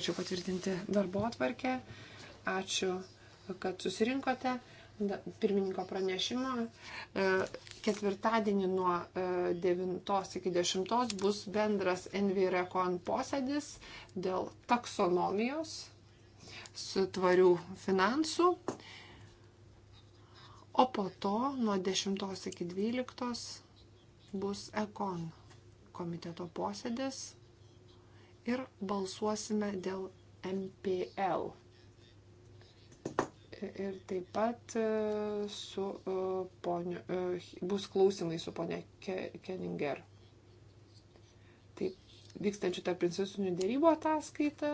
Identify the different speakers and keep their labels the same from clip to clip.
Speaker 1: Ačiū patvirtinti darbo atvarkę. Ačiū, kad susirinkote. Pirmininko pranešimo. E, ketvirtadienį nuo 9 e, iki 10 bus bendras Envirekon posėdis dėl taksonomijos su tvarių finansų. O po to nuo 10 iki 12 bus Ekon komiteto posėdis ir balsuosime dėl MPL. Ir taip pat e, su, e, ponio, e, bus klausimai su ponia Keninger. Taip, vykstančių tarp institucinių dėrybų ataskaita,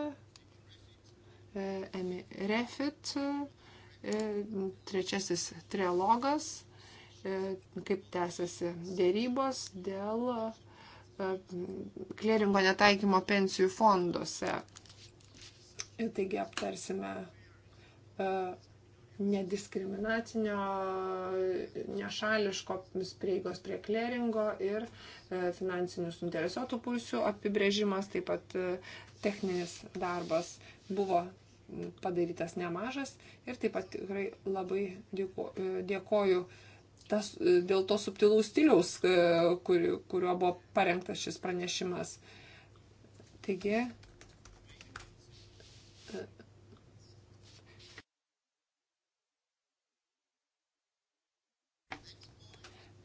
Speaker 1: Refit, trečiasis trialogas, kaip tęsiasi dėrybos dėl klėringo netaikymo pensijų fonduose. Ir taigi aptarsime e, nediskriminacinio, nešališko prieigos prie klėringo ir e, finansinių suinteresuotų pusių apibrėžimas, taip pat e, techninis darbas buvo padarytas nemažas ir taip pat tikrai labai dėkoju tas, e, dėl to subtilaus stiliaus, e, kur, kuriuo buvo parengtas šis pranešimas. Taigi,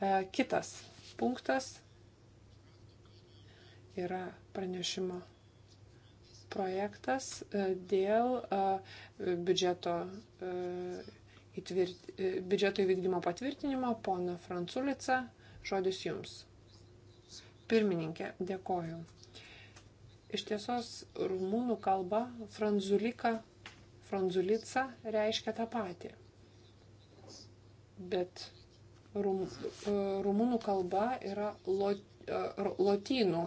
Speaker 1: e, kitas punktas yra pranešimo projektas dėl biudžeto įtvirt, e, biudžeto įvykdymo patvirtinimo, pono Franculica, žodis jums. Pirmininkė, dėkoju. Iš tiesos rumūnų kalba franzulika, franzulica reiškia tą patį. Bet rum, e, rumūnų kalba yra lot, e, lotynų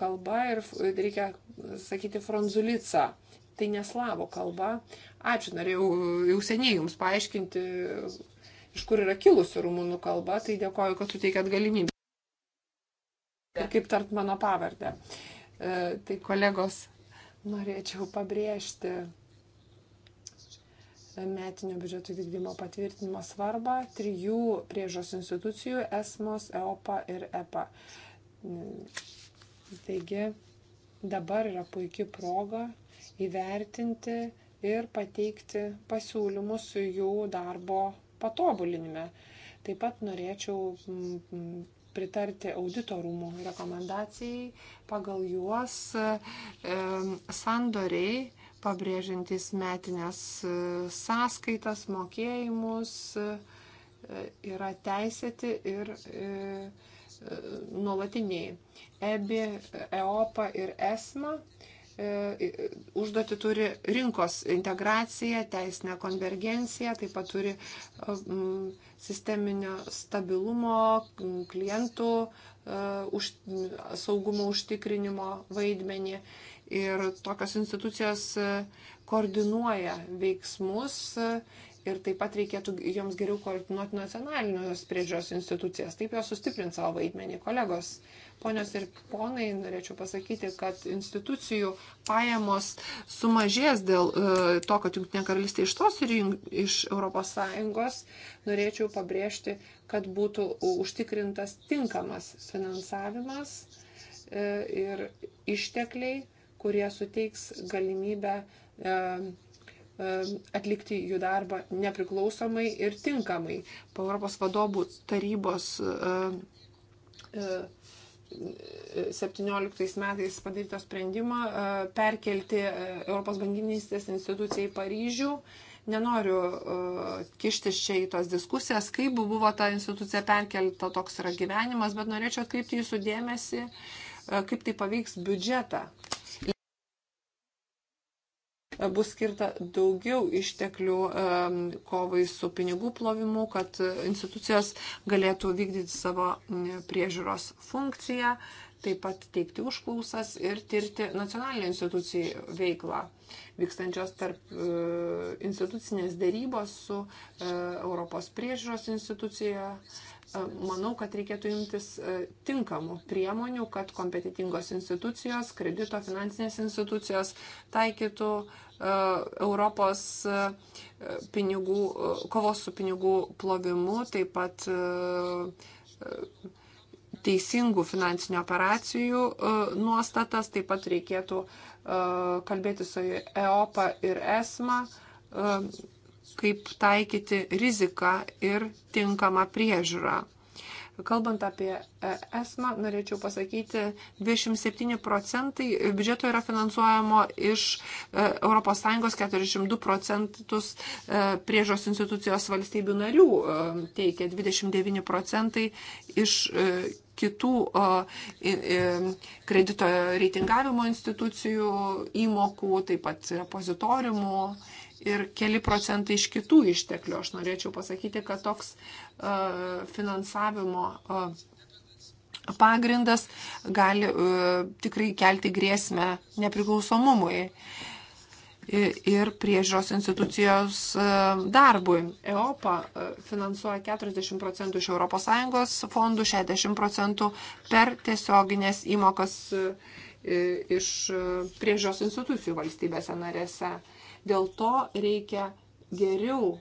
Speaker 1: kalba ir reikia sakyti franzulica tai neslavų kalba. Ačiū, norėjau jau seniai jums paaiškinti, iš kur yra kilusi rumunų kalba, tai dėkoju, kad suteikėt galimybę. Ir kaip tart mano pavardę. E, tai kolegos, norėčiau pabrėžti metinio biudžeto vykdymo patvirtinimo svarbą trijų priežos institucijų - ESMOS, EOPA ir EPA. Taigi dabar yra puikia proga įvertinti ir pateikti pasiūlymus jų darbo patobulinime. Taip pat norėčiau pritarti auditorumų rekomendacijai, pagal juos sandoriai pabrėžiantis metinės e, sąskaitas, mokėjimus e, yra teisėti ir e, nuolatiniai. EBI, EOPA ir ESMA E, užduoti turi rinkos integraciją, teisinę konvergenciją, taip pat turi e, sisteminio stabilumo, klientų e, už, saugumo užtikrinimo vaidmenį. Ir tokios institucijos koordinuoja veiksmus ir taip pat reikėtų joms geriau koordinuoti nacionalinius priežiūros institucijas. Taip jos sustiprint savo vaidmenį. Kolegos Ponios ir ponai, norėčiau pasakyti, kad institucijų pajamos sumažės dėl e, to, kad Junktinė karalystė išstos ir iš ES. Norėčiau pabrėžti, kad būtų užtikrintas tinkamas finansavimas e, ir ištekliai, kurie suteiks galimybę e, atlikti jų darbą nepriklausomai ir tinkamai. Po Europos vadovų tarybos 17 metais padaryto sprendimo e, perkelti e, Europos bankinystės instituciją į Paryžių. Nenoriu e, kištis čia į tos diskusijas, kaip buvo ta institucija perkelta, toks yra gyvenimas, bet norėčiau atkreipti jūsų dėmesį, kaip tai paveiks biudžetą bus skirta daugiau išteklių kovai su pinigų plovimu, kad institucijos galėtų vykdyti savo priežiūros funkciją, taip pat teikti užklausas ir tirti nacionalinį institucijų veiklą vykstančios tarp e, institucinės dėrybos su e, Europos priežiūros institucija manau, kad reikėtų imtis e, tinkamų priemonių, kad kompetitingos institucijos, kredito finansinės institucijos taikytų e, Europos e, pinigų, kovos su pinigų plovimu, taip pat teisingų finansinių operacijų nuostatas, taip pat reikėtų kalbėti su EOPA ir ESMA kaip taikyti riziką ir tinkamą priežiūrą. Kalbant apie esmą, norėčiau pasakyti, 27 procentai biudžeto yra finansuojamo iš e, ES 42 procentus e, priežos institucijos valstybių narių e, teikia 29 procentai iš kitų kredito reitingavimo institucijų įmokų, taip pat repozitoriumų ir keli procentai iš kitų išteklių. Aš norėčiau pasakyti, kad toks uh, finansavimo uh, pagrindas gali uh, tikrai kelti grėsmę nepriklausomumui ir priežiūros institucijos darbui. EOPA finansuoja 40 procentų iš ES fondų, 60 procentų per tiesioginės įmokas iš priežiūros institucijų valstybėse narėse. Dėl to reikia geriau e,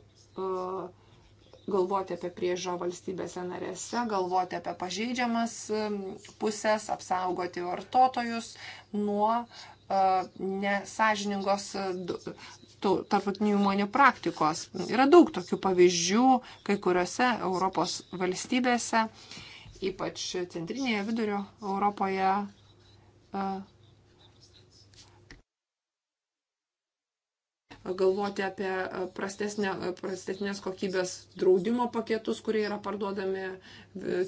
Speaker 1: galvoti apie priežą valstybėse narėse, galvoti apie pažeidžiamas e, pusės, apsaugoti vartotojus nuo e, nesažiningos tarptautinių įmonių praktikos. Yra daug tokių pavyzdžių kai kuriuose Europos valstybėse, ypač centrinėje vidurio Europoje galvoti apie e, prastesnė, e, prastesnės kokybės draudimo paketus, kurie yra parduodami e,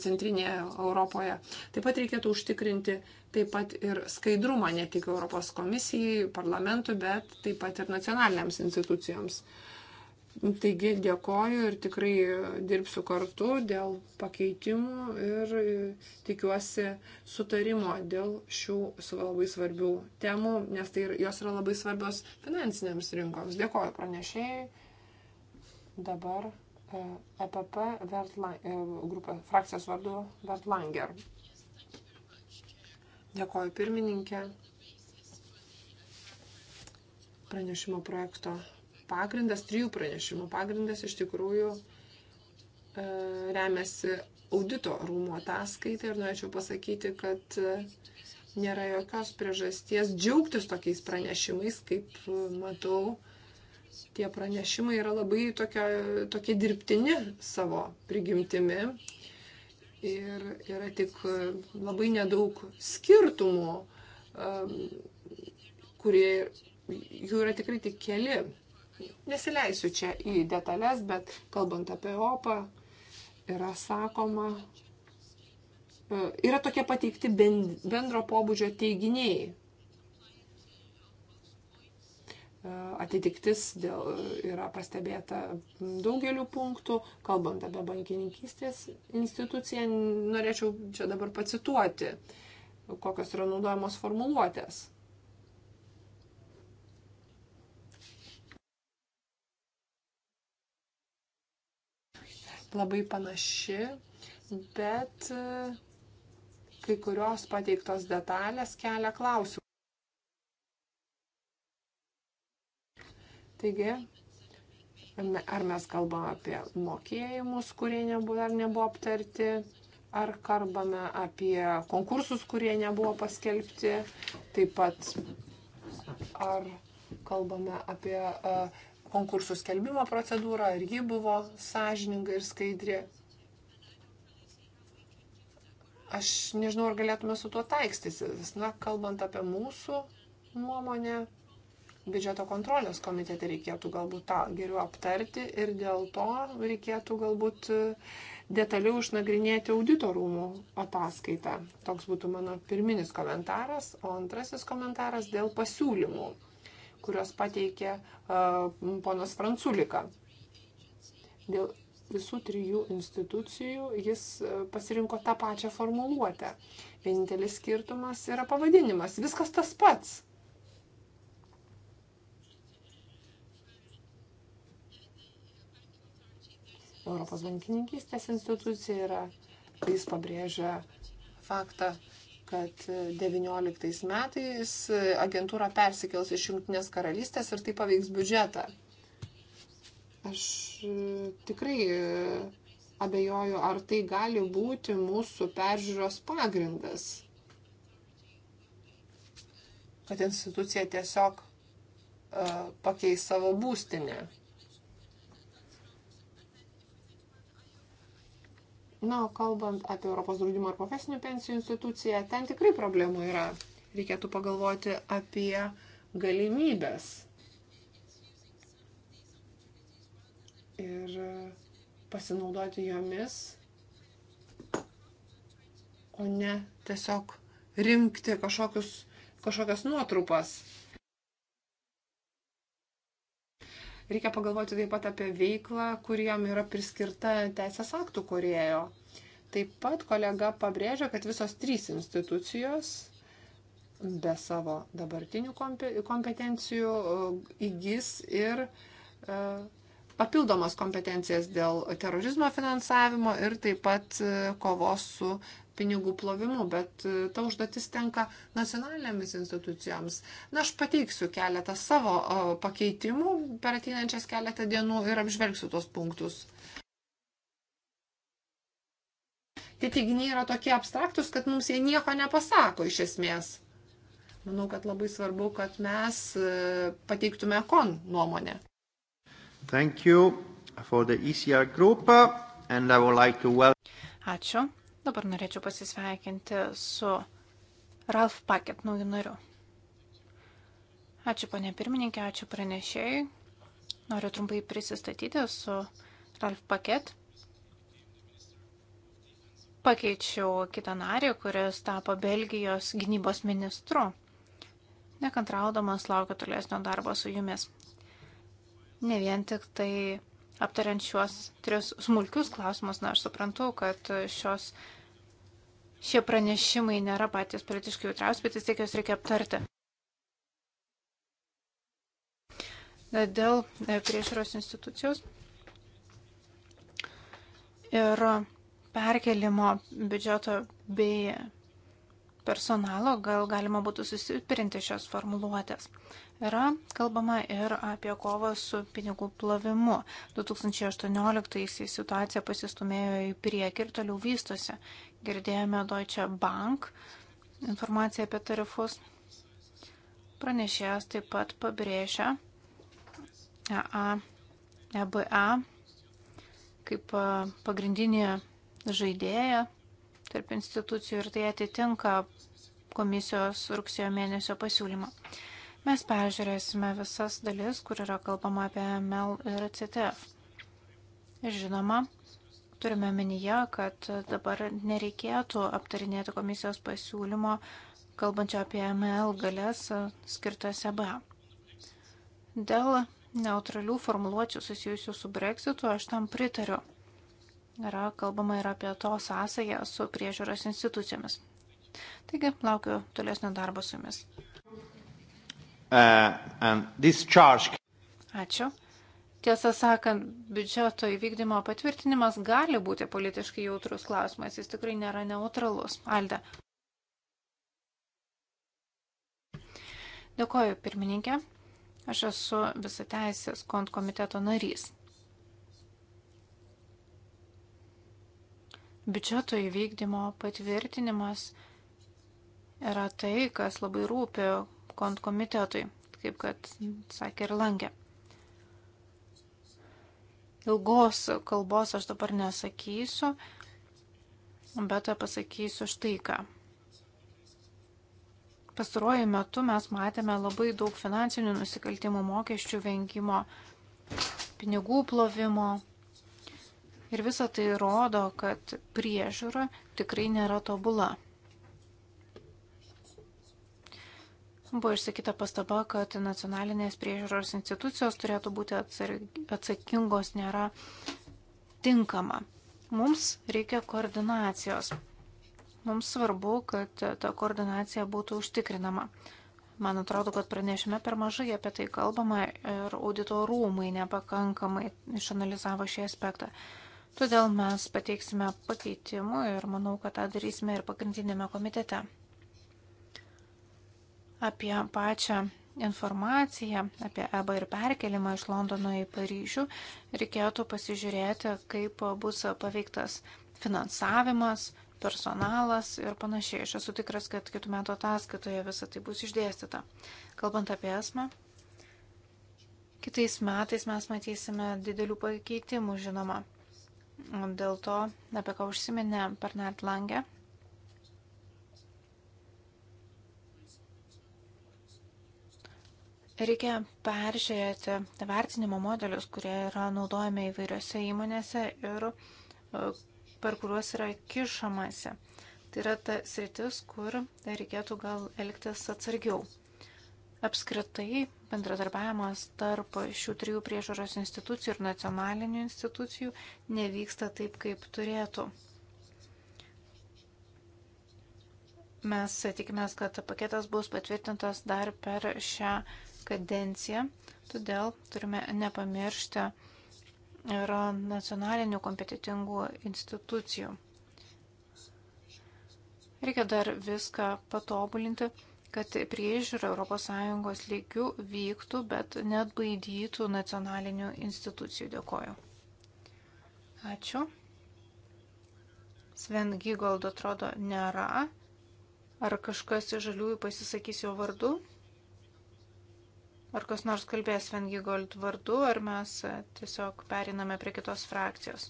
Speaker 1: centrinėje Europoje. Taip pat reikėtų užtikrinti taip pat ir skaidrumą ne tik Europos komisijai, parlamentui, bet taip pat ir nacionaliniams institucijoms. Taigi dėkoju ir tikrai dirbsiu kartu dėl pakeitimų ir tikiuosi sutarimo dėl šių labai svarbių temų, nes tai jos yra labai svarbios finansinėms rinkoms. Dėkoju pranešėjai. Dabar EPP e e, grupė frakcijos vardu Vertlanger. Dėkoju pirmininkė. Pranešimo projekto pagrindas, trijų pranešimų pagrindas iš tikrųjų e, remiasi audito rūmo ataskaitai ir norėčiau pasakyti, kad e, nėra jokios priežasties džiaugtis tokiais pranešimais, kaip e, matau, tie pranešimai yra labai tokia, tokie dirbtini savo prigimtimi ir yra tik labai nedaug skirtumų, kurie jų yra tikrai tik keli. Nesileisiu čia į detalės, bet kalbant apie OPA, yra sakoma, e, yra tokie pateikti bendro pobūdžio teiginiai. E, atitiktis dėl, yra pastebėta daugeliu punktų, kalbant apie bankininkystės instituciją, norėčiau čia dabar pacituoti, kokios yra naudojamos formuluotės. labai panaši, bet e, kai kurios pateiktos detalės kelia klausimų. Taigi, ar mes kalbame apie mokėjimus, kurie nebuvo, dar nebuvo aptarti, ar kalbame apie konkursus, kurie nebuvo paskelbti, taip pat ar kalbame apie uh, konkursų skelbimo procedūrą, ar ji buvo sąžininga ir skaidri. Aš nežinau, ar galėtume su tuo taikstytis. Na, kalbant apie mūsų nuomonę, biudžeto kontrolės komitete reikėtų galbūt tą geriau aptarti ir dėl to reikėtų galbūt e, detaliau išnagrinėti auditorumų ataskaitą. Toks būtų mano pirminis komentaras, o antrasis komentaras dėl pasiūlymų kurios pateikė ponas Franculika. Dėl visų trijų institucijų jis pasirinko tą pačią formuluotę. Vienintelis skirtumas yra pavadinimas. Viskas tas pats. Europos bankininkystės institucija yra, jis pabrėžia faktą, kad 19 metais agentūra persikels iš Junktinės karalystės ir tai paveiks biudžetą. Aš e, tikrai e, abejoju, ar tai gali būti mūsų peržiūros pagrindas. Kad institucija tiesiog uh, pakeis savo būstinę. Na, o kalbant apie Europos draudimo ir profesinių pensijų instituciją, ten tikrai problemų yra. Reikėtų pagalvoti apie galimybės. Ir pasinaudoti jomis, o ne tiesiog rinkti kažkokius, kažkokias nuotrupas Reikia pagalvoti taip pat apie veiklą, kuriam yra priskirta teisės aktų kurėjo. Taip pat kolega pabrėžia, kad visos trys institucijos be savo dabartinių kompetencijų uh, įgys ir uh, papildomas kompetencijas dėl terorizmo finansavimo ir taip pat e, kovos su pinigų plovimu, bet e, ta užduotis tenka nacionalinėmis institucijoms. Na, aš pateiksiu keletą savo pakeitimų per ateinančias keletą dienų ir apžvelgsiu tos punktus. Tie teiginiai yra tokie abstraktus, kad mums jie nieko nepasako iš esmės. Manau, kad labai svarbu, kad mes e, pateiktume kon nuomonę.
Speaker 2: Thank you for the ECR group and I would like to welcome.
Speaker 3: Ačiū. Dabar norėčiau pasisveikinti su Ralf Paket nauju nariu. Ačiū ponė pirmininkė, ačiū pranešėjai. Noriu trumpai prisistatyti su Ralf Paket. Pakeičiau kitą narį, kuris tapo Belgijos gynybos ministru. Nekantraudamas laukiu tolesnio darbo su jumis ne vien tik tai aptariant šiuos tris smulkius klausimus, na, aš suprantu, kad šios, šie pranešimai nėra patys politiškai jautriausi, bet vis tiek juos reikia aptarti. Dėl e, priežiūros institucijos ir perkelimo biudžeto bei personalo gal galima būtų susiprinti šios formuluotės. Yra kalbama ir apie kovą su pinigų plovimu. 2018-aisiais situacija pasistumėjo į priekį ir toliau vystosi. Girdėjome Deutsche Bank informaciją apie tarifus. Pranešėjas taip pat pabrėžia EBA e kaip e, pagrindinė žaidėja tarp institucijų ir tai atitinka komisijos rugsėjo mėnesio pasiūlymą. Mes peržiūrėsime visas dalis, kur yra kalbama apie ML ir CTF. Žinoma, turime minyje, kad dabar nereikėtų aptarinėti komisijos pasiūlymo, kalbančio apie ML galės skirtas EBA. Dėl neutralių formuluočių susijusių su breksitu aš tam pritariu yra kalbama ir apie to sąsąją su priežiūros institucijomis. Taigi, laukiu tolesnio darbo su jumis.
Speaker 2: Uh, charge...
Speaker 3: Ačiū. Tiesą sakant, biudžeto įvykdymo patvirtinimas gali būti politiškai jautrus klausimas, jis tikrai nėra neutralus. Alde. Dėkoju, pirmininkė. Aš esu visateisės kont komiteto narys. Biudžeto įvykdymo patvirtinimas yra tai, kas labai rūpi kontkomitetui, kaip kad sakė ir langė. Ilgos kalbos aš dabar nesakysiu, bet pasakysiu štai ką. Pastaruoju metu mes matėme labai daug finansinių nusikaltimų mokesčių vengimo, pinigų plovimo, Ir visa tai rodo, kad priežiūra tikrai nėra tobula. Buvo išsakyta pastaba, kad nacionalinės priežiūros institucijos turėtų būti atsakingos, nėra tinkama. Mums reikia koordinacijos. Mums svarbu, kad ta koordinacija būtų užtikrinama. Man atrodo, kad pranešime per mažai apie tai kalbama ir audito rūmai nepakankamai išanalizavo šį aspektą. Todėl mes pateiksime pakeitimų ir manau, kad tą darysime ir pagrindinėme komitete. Apie pačią informaciją apie EBA ir perkelimą iš Londono į Paryžių reikėtų pasižiūrėti, kaip bus paveiktas finansavimas, personalas ir panašiai. Aš esu tikras, kad kitų metų ataskaitoje visą tai bus išdėstyta. Kalbant apie esmą, kitais metais mes matysime didelių pakeitimų, žinoma dėl to, apie ką užsiminė Bernard Lange. Reikia peržiūrėti vertinimo modelius, kurie yra naudojami įvairiose įmonėse ir e, per kuriuos yra kišamasi. Tai yra ta sritis, kur reikėtų gal elgtis atsargiau. Apskritai bendradarbiavimas tarp šių trijų priežaros institucijų ir nacionalinių institucijų nevyksta taip, kaip turėtų. Mes tikimės, kad paketas bus patvirtintas dar per šią kadenciją, todėl turime nepamiršti ir nacionalinių kompetitingų institucijų. Reikia dar viską patobulinti, kad priežiūra ES lygių vyktų, bet net baidytų nacionalinių institucijų. Dėkoju. Ačiū. Sven Gigold atrodo nėra. Ar kažkas iš žaliųjų pasisakys jo vardu? Ar kas nors kalbės Sven Gigold vardu, ar mes tiesiog periname prie kitos frakcijos?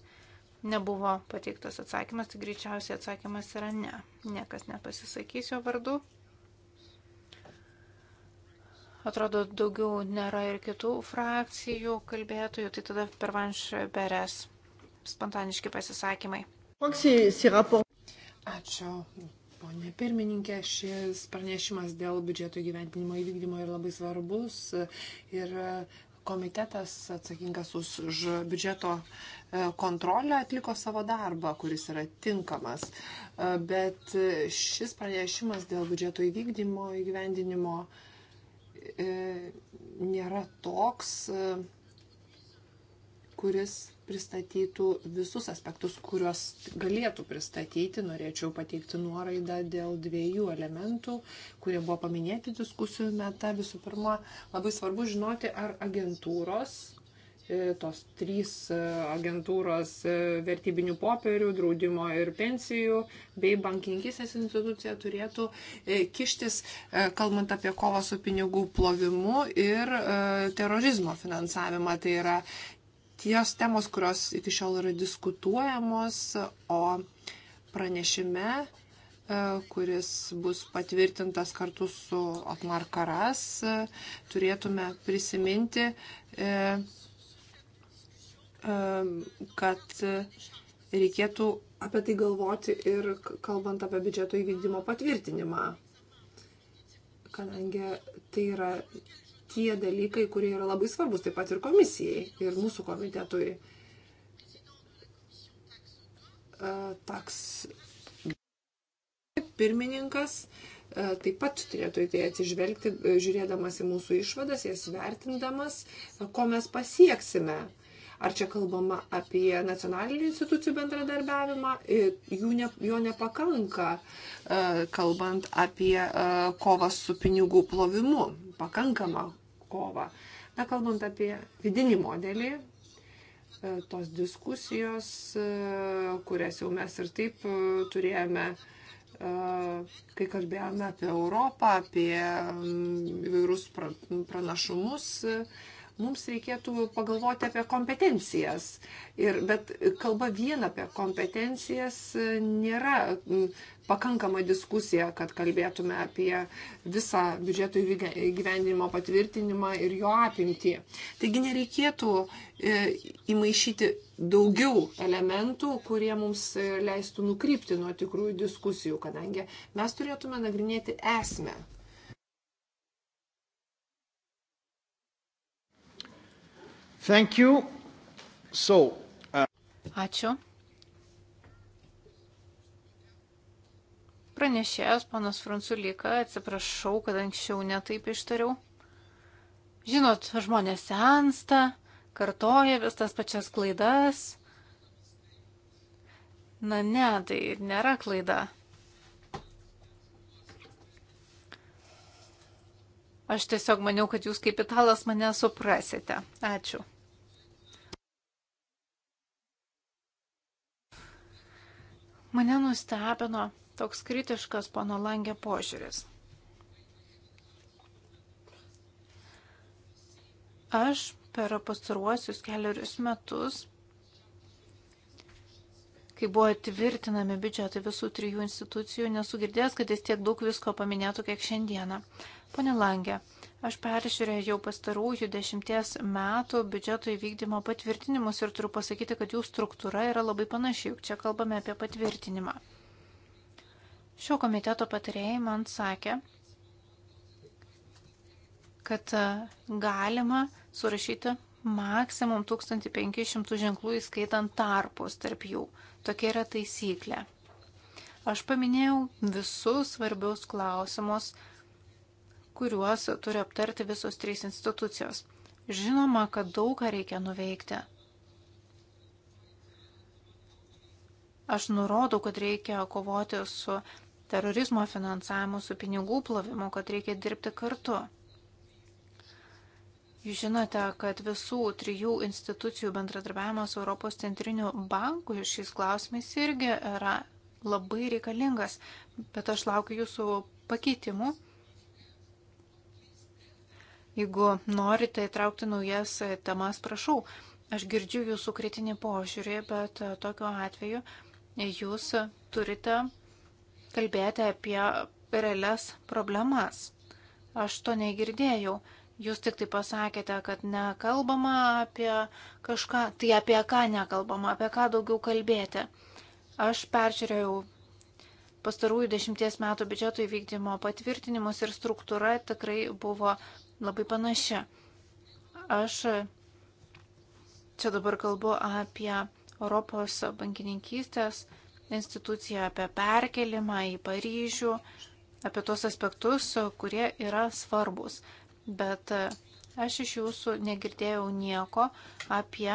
Speaker 3: Nebuvo pateiktas atsakymas, tai greičiausiai atsakymas yra ne. Niekas nepasisakys jo vardu atrodo, daugiau nėra ir kitų frakcijų kalbėtojų, tai tada per vanš beres spontaniški pasisakymai.
Speaker 1: Ačiū. Pone pirmininkė, šis pranešimas dėl biudžeto gyventinimo įvykdymo yra labai svarbus ir komitetas atsakingas už, už biudžeto e, kontrolę atliko savo darbą, kuris yra tinkamas. E, bet šis pranešimas dėl biudžeto įvykdymo įgyvendinimo uh, E, nėra toks, e, kuris pristatytų visus aspektus, kuriuos galėtų pristatyti. Norėčiau pateikti nuoraidą dėl dviejų elementų, kurie buvo paminėti diskusijų metą. Visų pirma, labai svarbu žinoti, ar agentūros E, tos trys e, agentūros e, vertybinių popierių, draudimo ir pensijų bei bankininkistės institucija turėtų kištis, kalbant apie kovą su pinigų plovimu ir terorizmo finansavimą. Tai yra tios temos, kurios iki šiol yra diskutuojamos, o pranešime kuris bus patvirtintas kartu su Otmar Karas, turėtume prisiminti kad reikėtų apie tai galvoti ir kalbant apie biudžeto įvykdymo patvirtinimą. Kadangi tai yra tie dalykai, kurie yra labai svarbus taip pat ir komisijai, ir mūsų komitetui. E, taks pirmininkas e, taip pat turėtų į tai atsižvelgti, žiūrėdamas į mūsų išvadas, jas vertindamas, e, ko mes pasieksime Ar čia kalbama apie nacionalinių institucijų bendradarbiavimą, e, jų ne, jo nepakanka, e, kalbant apie e, kovą su pinigų plovimu, pakankamą kovą. Na, kalbant apie vidinį modelį, tos diskusijos, kurias jau mes ir taip turėjome, kai kalbėjome apie Europą, apie įvairius pranašumus, mums reikėtų pagalvoti apie kompetencijas. Ir, bet kalba vien apie kompetencijas e, nėra pakankama diskusija, kad kalbėtume apie visą biudžeto gyvendinimo patvirtinimą ir jo apimtį. Taigi nereikėtų e, įmaišyti daugiau elementų, kurie mums e, leistų nukrypti nuo tikrųjų diskusijų, kadangi mes turėtume nagrinėti esmę
Speaker 3: Thank you. So, uh... Ačiū. Pranešėjas, panas Franculika, atsiprašau, kad anksčiau netaip ištariau. Žinot, žmonės sensta, kartoja vis tas pačias klaidas. Na ne, tai nėra klaida. Aš tiesiog maniau, kad jūs kaip italas mane suprasite. Ačiū. Mane nustebino toks kritiškas pono langė požiūris. Aš per pastaruosius keliarius metus, kai buvo tvirtinami biudžetai visų trijų institucijų, nesugirdėjęs, kad jis tiek daug visko paminėtų, kiek šiandieną. Pone Langė, aš peržiūrėjau pastarųjų dešimties metų biudžeto įvykdymo patvirtinimus ir turiu pasakyti, kad jų struktūra yra labai panaši, juk čia kalbame apie patvirtinimą. Šio komiteto patarėjai man sakė, kad e, galima surašyti maksimum 1500 ženklų, įskaitant tarpus tarp jų. Tokia yra taisyklė. Aš paminėjau visus svarbius klausimus, kuriuos turi aptarti visos trys institucijos. Žinoma, kad daug ką reikia nuveikti. Aš nurodau, kad reikia kovoti su terorizmo finansavimu, su pinigų plovimu, kad reikia dirbti kartu. Jūs žinote, kad visų trijų institucijų bendradarbiavimas Europos centrinių bankų šiais klausimais irgi yra labai reikalingas, bet aš laukiu jūsų pakeitimų Jeigu norite įtraukti naujas temas, prašau. Aš girdžiu jūsų kritinį požiūrį, bet e, tokiu atveju e, jūs turite kalbėti apie realias problemas. Aš to negirdėjau. Jūs tik tai pasakėte, kad nekalbama apie kažką. Tai apie ką nekalbama, apie ką daugiau kalbėti. Aš peržiūrėjau pastarųjų dešimties metų biudžeto įvykdymo patvirtinimus ir struktūra tikrai buvo labai panaši. Aš čia dabar kalbu apie Europos bankininkystės instituciją, apie perkelimą į Paryžių, apie tos aspektus, kurie yra svarbus. Bet aš iš jūsų negirdėjau nieko apie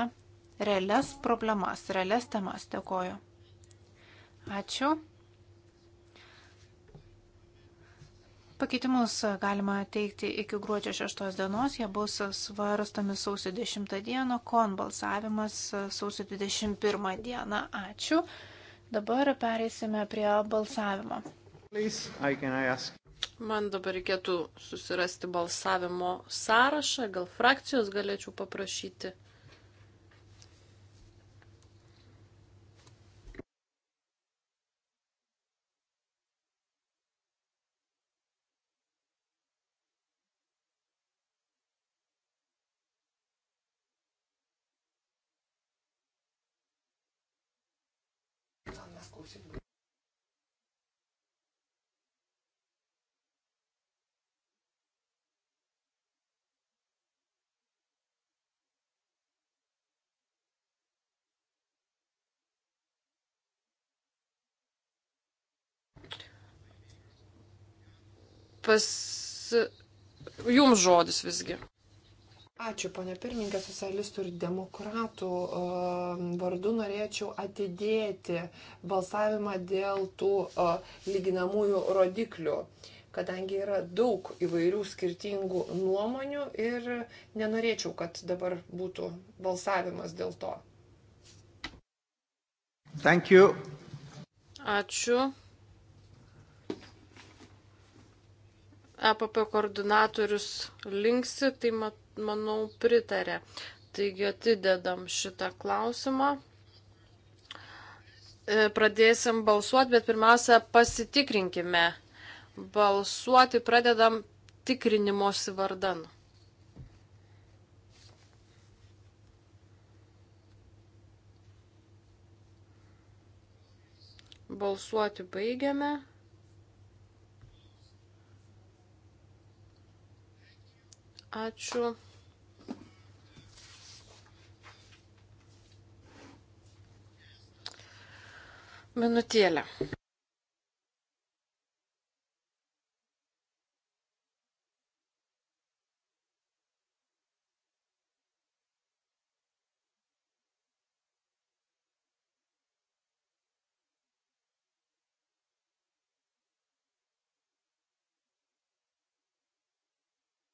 Speaker 3: realias problemas, realias temas. Dėkoju. Ačiū. Pakeitimus galima teikti iki gruodžio 6 dienos, jie bus svarstami sausio 10 dieną, kon balsavimas sausio 21 dieną. Ačiū. Dabar pereisime prie balsavimo.
Speaker 2: Please, I can, I ask... Man dabar reikėtų susirasti balsavimo sąrašą, gal frakcijos galėčiau paprašyti. klausimų. Pas jums žodis visgi.
Speaker 1: Ačiū, ponė pirmininkė, socialistų ir demokratų um, vardu norėčiau atidėti balsavimą dėl tų uh, lyginamųjų rodiklių, kadangi yra daug įvairių skirtingų nuomonių ir nenorėčiau, kad dabar būtų balsavimas dėl to.
Speaker 3: Thank you.
Speaker 2: Ačiū. EPP koordinatorius linksi, tai mat, manau pritarė. Taigi atidedam šitą klausimą. E, pradėsim balsuoti, bet pirmiausia pasitikrinkime. Balsuoti pradedam tikrinimosi vardan. Balsuoti baigiame. Ačiū. Minutėlė.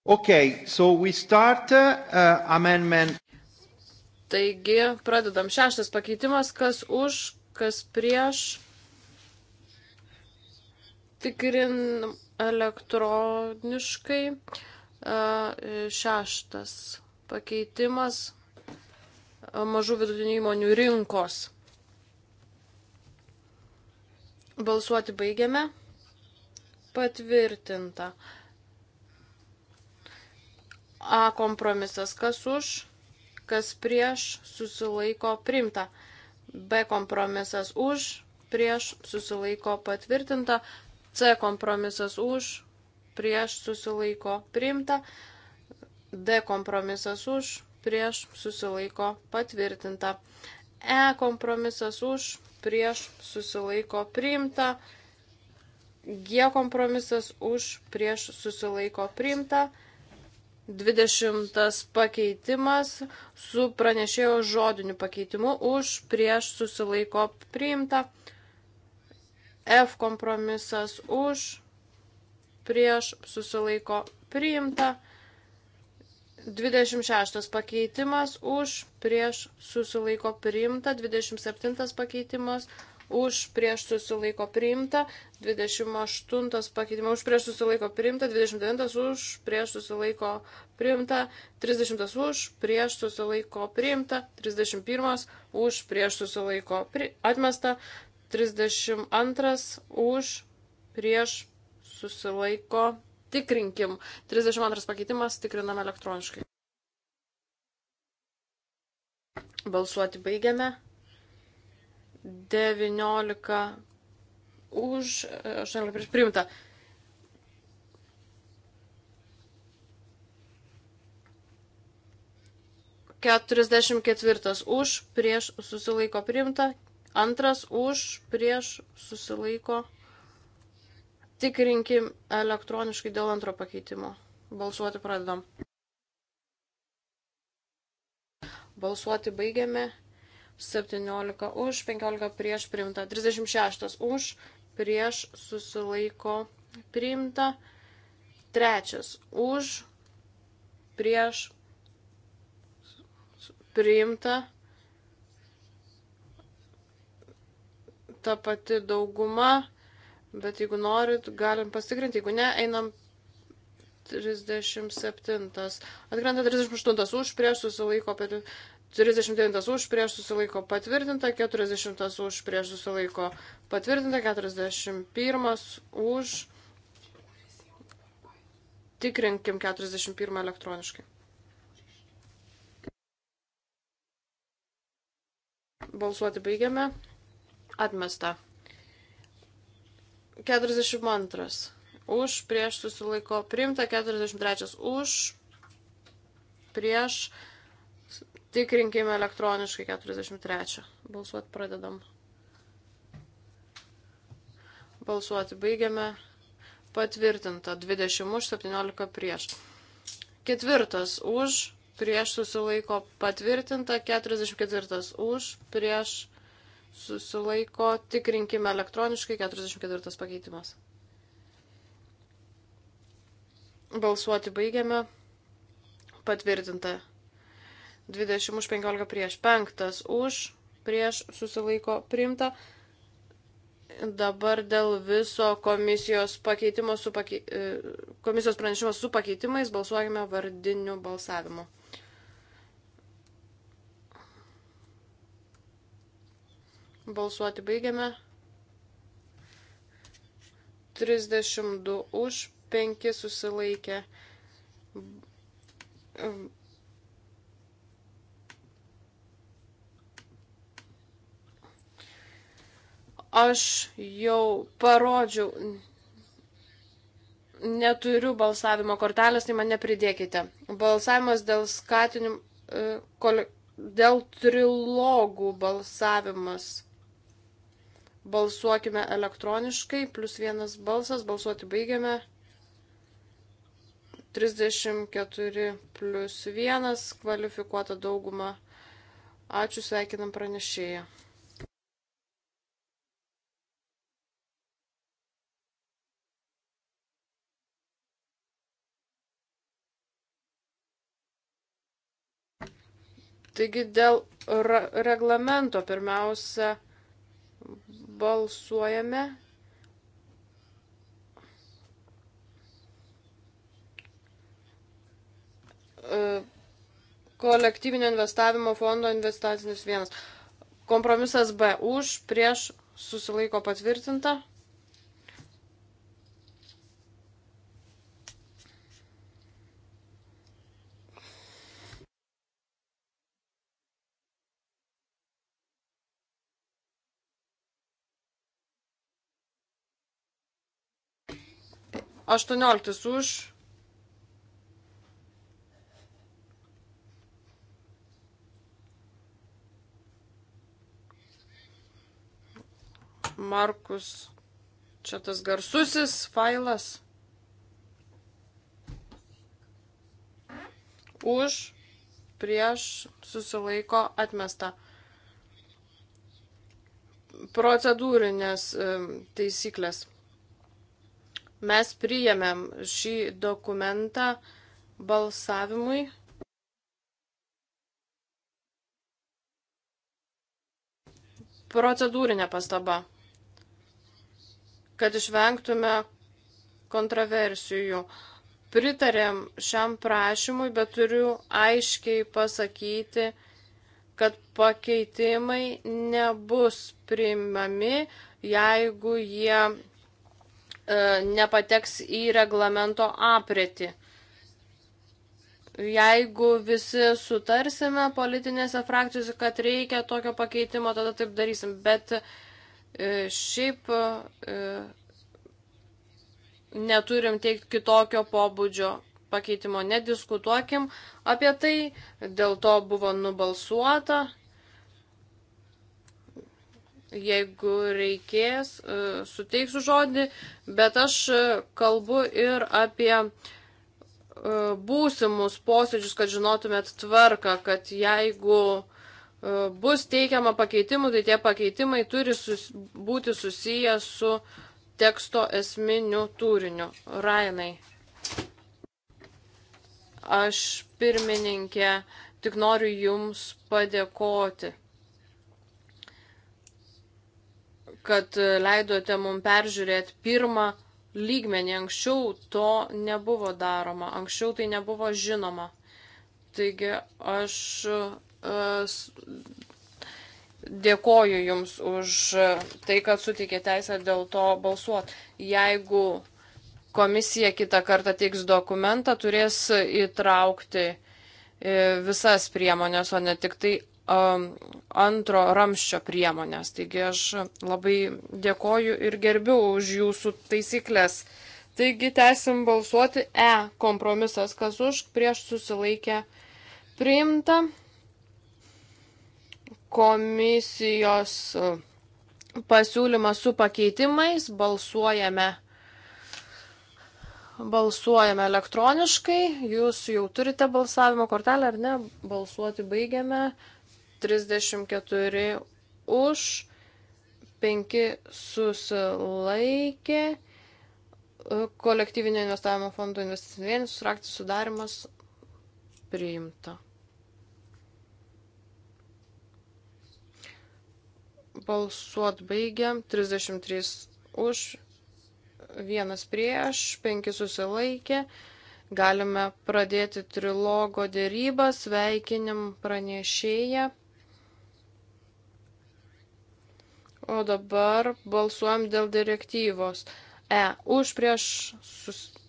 Speaker 2: Okay, so we start uh, amendment. Taigi, pradedam šeštas pakeitimas, kas už, kas prieš. Tikrin elektroniškai uh, šeštas pakeitimas uh, mažų vidutinių įmonių rinkos. Balsuoti baigiame. Patvirtinta. Uh, A kompromisas kas už, kas prieš susilaiko primta. B kompromisas už, prieš susilaiko patvirtinta. C kompromisas už, prieš susilaiko primta. D kompromisas už, prieš susilaiko patvirtinta. E kompromisas už, prieš susilaiko priimta. G kompromisas už, prieš susilaiko priimta. 20 pakeitimas su pranešėjo žodiniu pakeitimu už prieš susilaiko priimta. F kompromisas už prieš susilaiko priimta. 26 pakeitimas už prieš susilaiko priimta. 27 pakeitimas už prieš susilaiko priimta, 28 pakeitimo už prieš susilaiko priimta, 29 už prieš susilaiko priimta, 30 už prieš susilaiko priimta, 31 už prieš susilaiko pri, atmesta, 32 už prieš susilaiko tikrinkim. 32 pakeitimas tikriname elektroniškai. Balsuoti baigiame. 19 už, 18 prieš priimta. Keturiasdešimt ketvirtas už, prieš susilaiko priimta, antras už, prieš susilaiko. Tikrinkim elektroniškai dėl antro pakeitimo. Balsuoti pradedam. Balsuoti baigiame. 17 už, 15 prieš priimta, 36 už, prieš susilaiko priimta, 3 už, prieš priimta, ta pati dauguma, bet jeigu norit, galim pasikrinti, jeigu ne, einam 37. Atkrenta 38 už prieš susilaiko, bet 39 už prieš susilaiko patvirtinta, 40 už prieš susilaiko patvirtinta, 41 už. Tikrinkim 41 elektroniškai. Balsuoti baigiame. Atmesta. 42 už prieš susilaiko priimta, 43 už prieš susilaiko Tikrinkime elektroniškai 43. Balsuoti pradedam. Balsuoti baigiame. Patvirtinta 20 už 17 prieš. Ketvirtas už prieš susilaiko patvirtinta, 44 už prieš susilaiko, tikrinkime elektroniškai 44 pakeitimas. Balsuoti baigiame. Patvirtinta 20 už 15 prieš, 5 už prieš susilaiko priimta. Dabar dėl viso komisijos, pakeitimo su pakei, e, komisijos pranešimo su pakeitimais balsuojame vardiniu balsavimu. Balsuoti baigiame. 32 už, 5 susilaikė Aš jau parodžiau, neturiu balsavimo kortelės, tai man nepridėkite. Balsavimas dėl skatinimų, e, dėl trilogų balsavimas. Balsuokime elektroniškai, plus vienas balsas, balsuoti baigiame. 34 plus 1 kvalifikuota dauguma. Ačiū sveikinam pranešėją. Taigi dėl reglamento pirmiausia balsuojame. E, kolektyvinio investavimo fondo investacinis vienas. Kompromisas B už, prieš susilaiko patvirtinta. 18 už. Markus, čia tas garsusis failas. Už, prieš, susilaiko, atmesta. Procedūrinės taisyklės. Mes priėmėm šį dokumentą balsavimui. Procedūrinė pastaba, kad išvengtume kontroversijų. Pritarėm šiam prašymui, bet turiu aiškiai pasakyti, kad pakeitimai nebus priimami, jeigu jie E, nepateks į reglamento aprėti. Jeigu visi sutarsime politinėse frakcijose, kad reikia tokio pakeitimo, tada taip darysim. Bet e, šiaip e, neturim teikti kitokio pobūdžio pakeitimo. Nediskutuokim apie tai, dėl to buvo nubalsuota jeigu reikės, e, suteiksiu žodį, bet aš e, kalbu ir apie e, būsimus posėdžius, kad žinotumėt tvarką, kad jeigu bus teikiama pakeitimų, tai tie pakeitimai turi sus, būti susiję su teksto esminiu turiniu. Rainai. Aš pirmininkė, tik noriu Jums padėkoti. kad e, leidote mum peržiūrėti pirmą lygmenį. Anksčiau to nebuvo daroma, anksčiau tai nebuvo žinoma. Taigi aš e, dėkoju Jums už e, tai, kad sutikė teisę dėl to balsuoti. Jeigu komisija kitą kartą teiks dokumentą, turės įtraukti visas priemonės, o ne tik tai antro ramščio priemonės. Taigi aš labai dėkoju ir gerbiu už jūsų taisyklės. Taigi tęsim balsuoti E kompromisas, kas už prieš susilaikė priimta komisijos pasiūlymą su pakeitimais. Balsuojame, balsuojame elektroniškai. Jūs jau turite balsavimo kortelę ar ne? Balsuoti baigiame. 34 už, 5 susilaikė. Kolektyvinio investavimo fondo investicinis vienis raktas sudarimas priimta. Balsuot baigiam. 33 už, vienas prieš, 5 susilaikė galime pradėti trilogo dėrybą, sveikinim pranešėją. O dabar balsuojam dėl direktyvos. E. Už prieš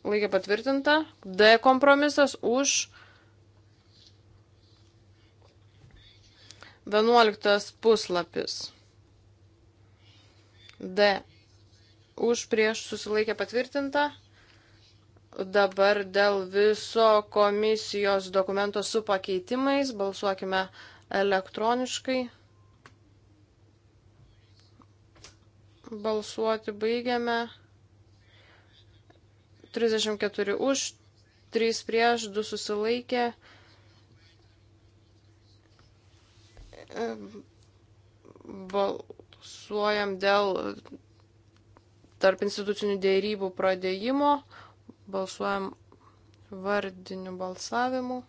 Speaker 2: laikė patvirtinta. D. Kompromisas už. 11 puslapis. D. Už prieš susilaikė patvirtinta. Dabar dėl viso komisijos dokumento su pakeitimais balsuokime elektroniškai. Balsuoti baigiame. 34 už, 3 prieš, 2 susilaikė. Balsuojam dėl tarp institucinių dėrybų pradėjimo. Balsuojam vardiniu balsavimu.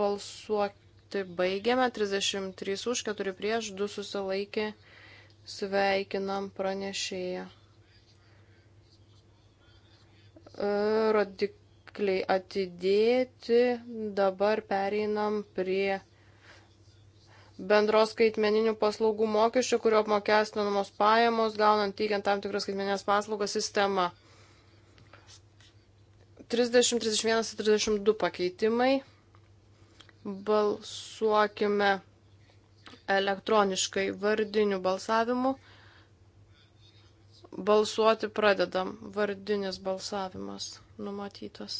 Speaker 2: Balsuoti baigiame. 33 už, 4 prieš, 2 susilaikė sveikinam pranešėją. E, rodikliai atidėti, dabar pereinam prie bendros skaitmeninių paslaugų mokesčių, kurio apmokestinamos pajamos, gaunant teikiant tam tikras skaitmeninės paslaugas sistema. 30, 31 ir 32 pakeitimai. Balsuokime elektroniškai vardiniu balsavimu. Balsuoti pradedam. Vardinis balsavimas numatytas.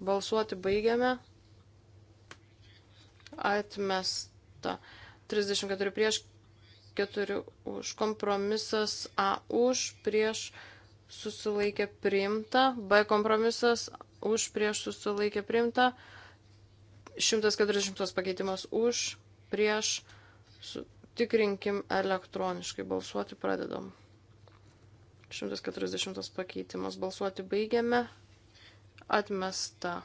Speaker 2: Balsuoti baigiame. Atmesta. 34 prieš, 4 už. Kompromisas A už, prieš susilaikė priimta. B kompromisas už prieš susilaikė priimta, 140 pakeitimas už prieš, su, tikrinkim elektroniškai, balsuoti pradedam. 140 pakeitimas, balsuoti baigiame, atmesta.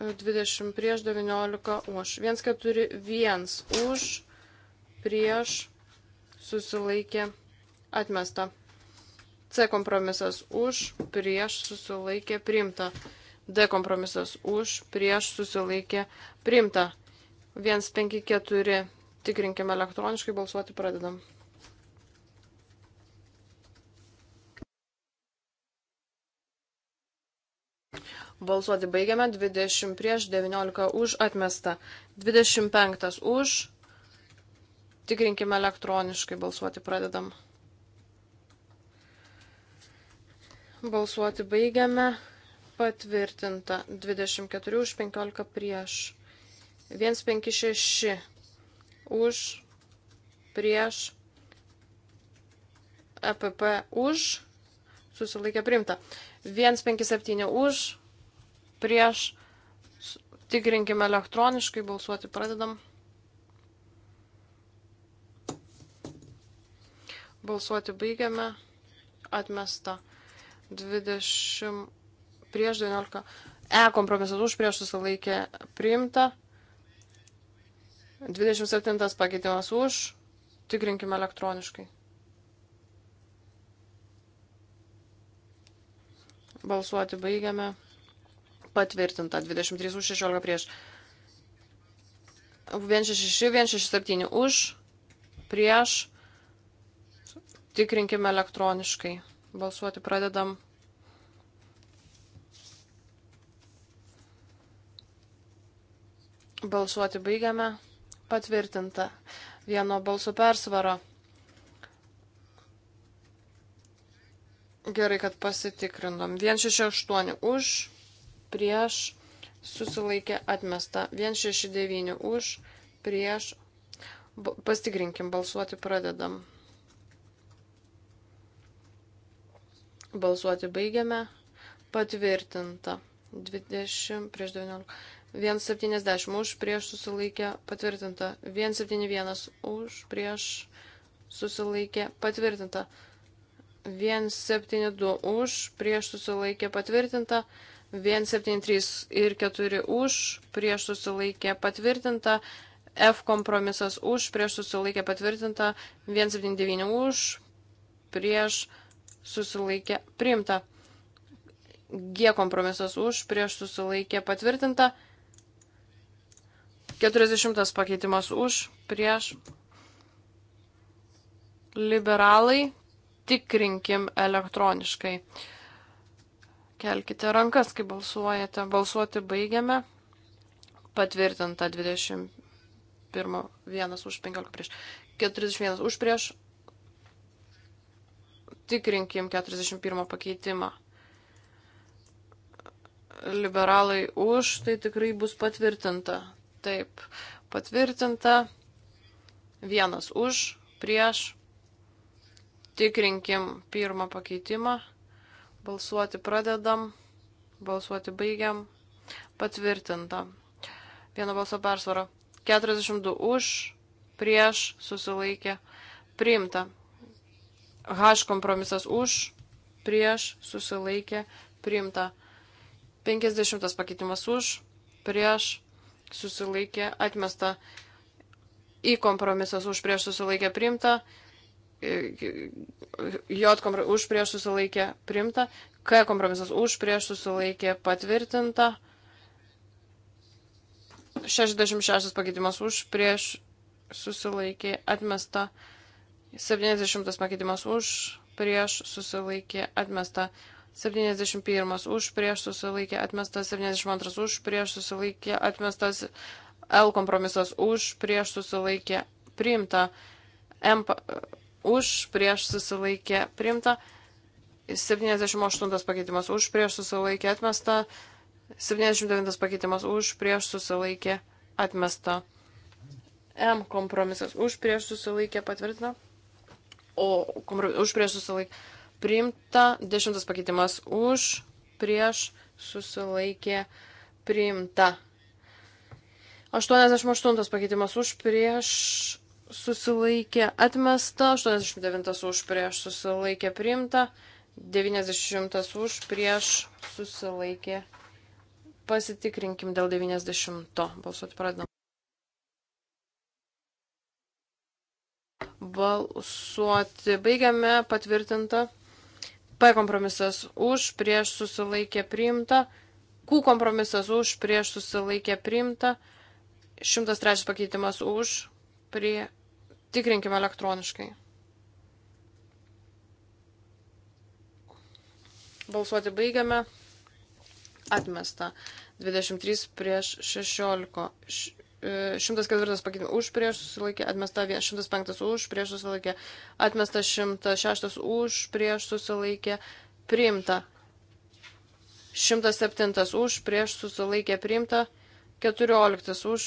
Speaker 2: 20 prieš 19 už. 1, 4, 1 už, prieš, susilaikė, atmesta. C kompromisas už, prieš susilaikė priimta. D kompromisas už, prieš susilaikė priimta. 154 tikrinkime elektroniškai, balsuoti pradedam. Balsuoti baigiame 20 prieš 19 už atmesta. 25 už. Tikrinkime elektroniškai, balsuoti pradedam. Balsuoti baigiame. Patvirtinta 24 už 15 prieš. 156 už prieš. EPP už. Susilaikė primta. 157 už prieš. Tikrinkime elektroniškai. Balsuoti pradedam. Balsuoti baigiame. Atmesta. 20 prieš 19. E kompromisas už prieš susilaikė priimta. 27 pakeitimas už. Tikrinkime elektroniškai. Balsuoti baigiame. Patvirtinta. 23 už 16 prieš. 166, 167 už. Prieš. Tikrinkime elektroniškai. Balsuoti pradedam. Balsuoti baigiame. Patvirtinta. Vieno balsų persvaro. Gerai, kad pasitikrinom. 168 už, prieš, susilaikė atmesta. 169 už, prieš. Pastikrinkim, balsuoti pradedam. Balsuoti baigiame. Patvirtinta. 20 prieš 19. 170 už prieš susilaikė. Patvirtinta. 171 už prieš susilaikė. Patvirtinta. 172 už prieš susilaikė. Patvirtinta. 173 ir 4 už prieš susilaikė. Patvirtinta. F kompromisas už prieš susilaikė. Patvirtinta. 179 už prieš susilaikė susilaikė priimta. G kompromisas už, prieš susilaikė patvirtinta. 40 pakeitimas už, prieš. Liberalai, tikrinkim elektroniškai. Kelkite rankas, kai balsuojate. Balsuoti baigiame. Patvirtinta 21, 1 už 15 prieš. 41 už prieš Patikrinkim 41 pakeitimą. Liberalai už, tai tikrai bus patvirtinta. Taip, patvirtinta. Vienas už, prieš. Tikrinkim pirmą pakeitimą. Balsuoti pradedam. Balsuoti baigiam. Patvirtinta. Vieno balso persvara. 42 už, prieš, susilaikė. Priimta. H kompromisas už, prieš, susilaikė, priimta. 50 pakeitimas už, prieš, susilaikė, atmesta. I kompromisas už, prieš, susilaikė, priimta. J kompromisas už, prieš, susilaikė, priimta. K kompromisas už, prieš, susilaikė, patvirtinta. 66 pakeitimas už, prieš, susilaikė, atmesta. 70 pakeitimas už, prieš susilaikė atmesta. 71 už, prieš susilaikė atmestas. 72 už, prieš susilaikė atmestas. L kompromisas už, prieš susilaikė priimta. M už, prieš susilaikė priimta. 78 pakeitimas už, prieš susilaikė atmesta. 79 pakeitimas už, prieš susilaikė atmesta. M kompromisas už, prieš susilaikė patvirtina o už prieš susilaikė priimta, dešimtas pakeitimas už prieš susilaikė priimta. 88 pakeitimas už prieš susilaikė atmesta, 89 už prieš susilaikė priimta, 90 už prieš susilaikė. Pasitikrinkim dėl 90. Balsuoti pradedam. balsuoti. Baigiame patvirtintą. P kompromisas už, prieš susilaikė priimta. Q kompromisas už, prieš susilaikė priimta. 103 pakeitimas už, prie. Tikrinkime elektroniškai. Balsuoti baigiame. Atmesta. 23 prieš 16. 104 pakeitimai už prieš susilaikė, atmesta 105 už prieš susilaikė, atmesta 106 už prieš susilaikė, priimta 107 už prieš susilaikė, priimta 14 už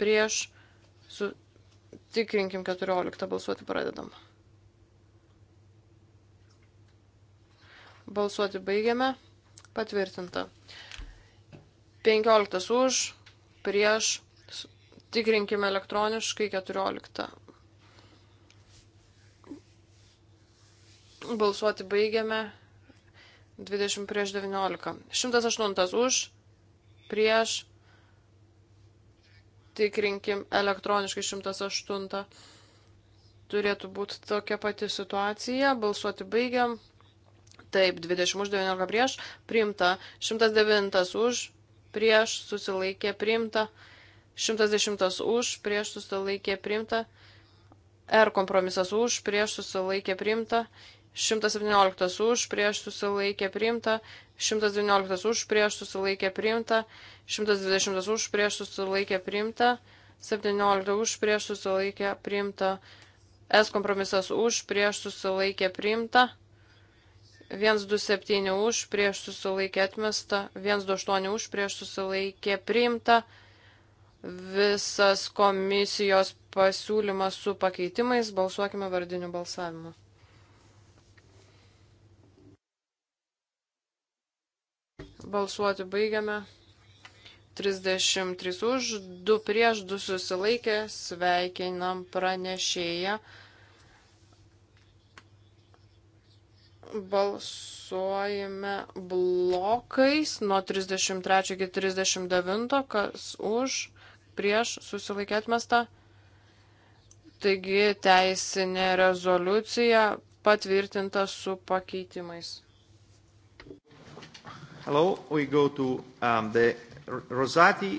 Speaker 2: prieš su... Tikrinkim 14, balsuoti pradedam. Balsuoti baigiame. Patvirtinta. 15 už, prieš Tikrinkime elektroniškai 14. Balsuoti baigiame 20 prieš 19. 108 už, prieš. Tikrinkim elektroniškai 108. Turėtų būti tokia pati situacija. Balsuoti baigiam. Taip, 20 už 19 prieš, priimta. 109 už, prieš, susilaikė, priimta. 110 už, prieš susilaikė priimta. R kompromisas už, prieš susilaikė priimta. 117 už, prieš susilaikė priimta. 119 už, prieš susilaikė priimta. 120 už, prieš susilaikė priimta. 17 už, prieš susilaikė priimta. S kompromisas už, prieš susilaikė priimta. 127 už, prieš susilaikė atmesta. 128 už, prieš susilaikė priimta visas komisijos pasiūlymas su pakeitimais. Balsuokime vardiniu balsavimu. Balsuoti baigiame. 33 už, 2 prieš, 2 susilaikė. Sveikinam pranešėją. Balsuojame blokais nuo 33 iki 39, kas už prieš susilaikė atmesta. Taigi teisinė rezoliucija patvirtinta su pakeitimais.
Speaker 3: Hello, we go to um, the
Speaker 2: Rosati.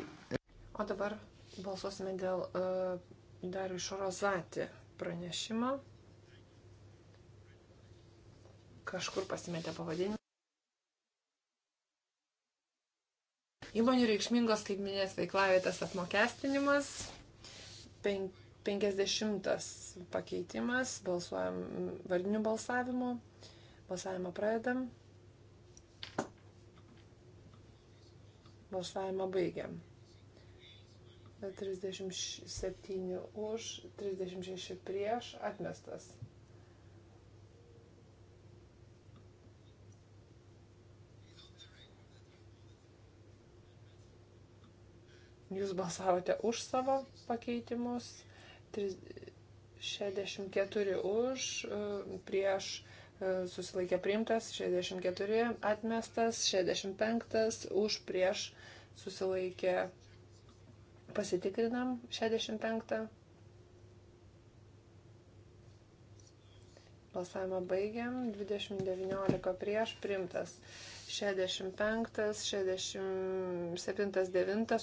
Speaker 1: O dabar balsuosime dėl uh, dar iš Rosati pranešimo. Kažkur pasimetė pavadinimą. Įmonių reikšmingos skaitminės veiklavietės apmokestinimas. 50 pakeitimas. Balsuojam vardiniu balsavimu. Balsavimą pradedam. Balsavimą baigiam. 37 už, 36 prieš, atmestas. Jūs balsavote už savo pakeitimus, 64 už, e, prieš e, susilaikė priimtas, 64 atmestas, 65 už, prieš susilaikė pasitikrinam 65. Balsavimą baigiam, 2019 prieš priimtas. 65, 67, 9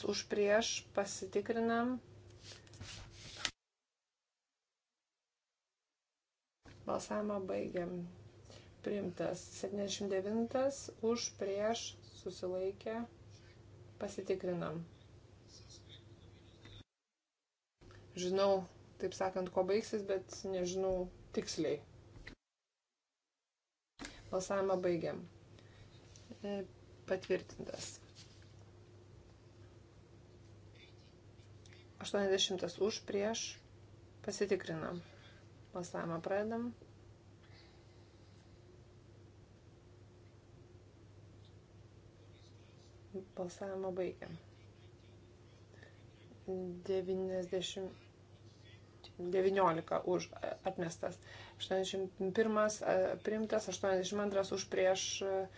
Speaker 1: už prieš pasitikrinam. Balsavimą baigiam. Primtas 79 už prieš susilaikę pasitikrinam. Žinau, taip sakant, ko baigsis, bet nežinau tiksliai. Balsavimą baigiam. E, patvirtintas. 80 už prieš pasitikrinam. Balsavimą pradedam. Balsavimą baigiam. 90 19 už atmestas. 81 primtas, 82 už prieš e,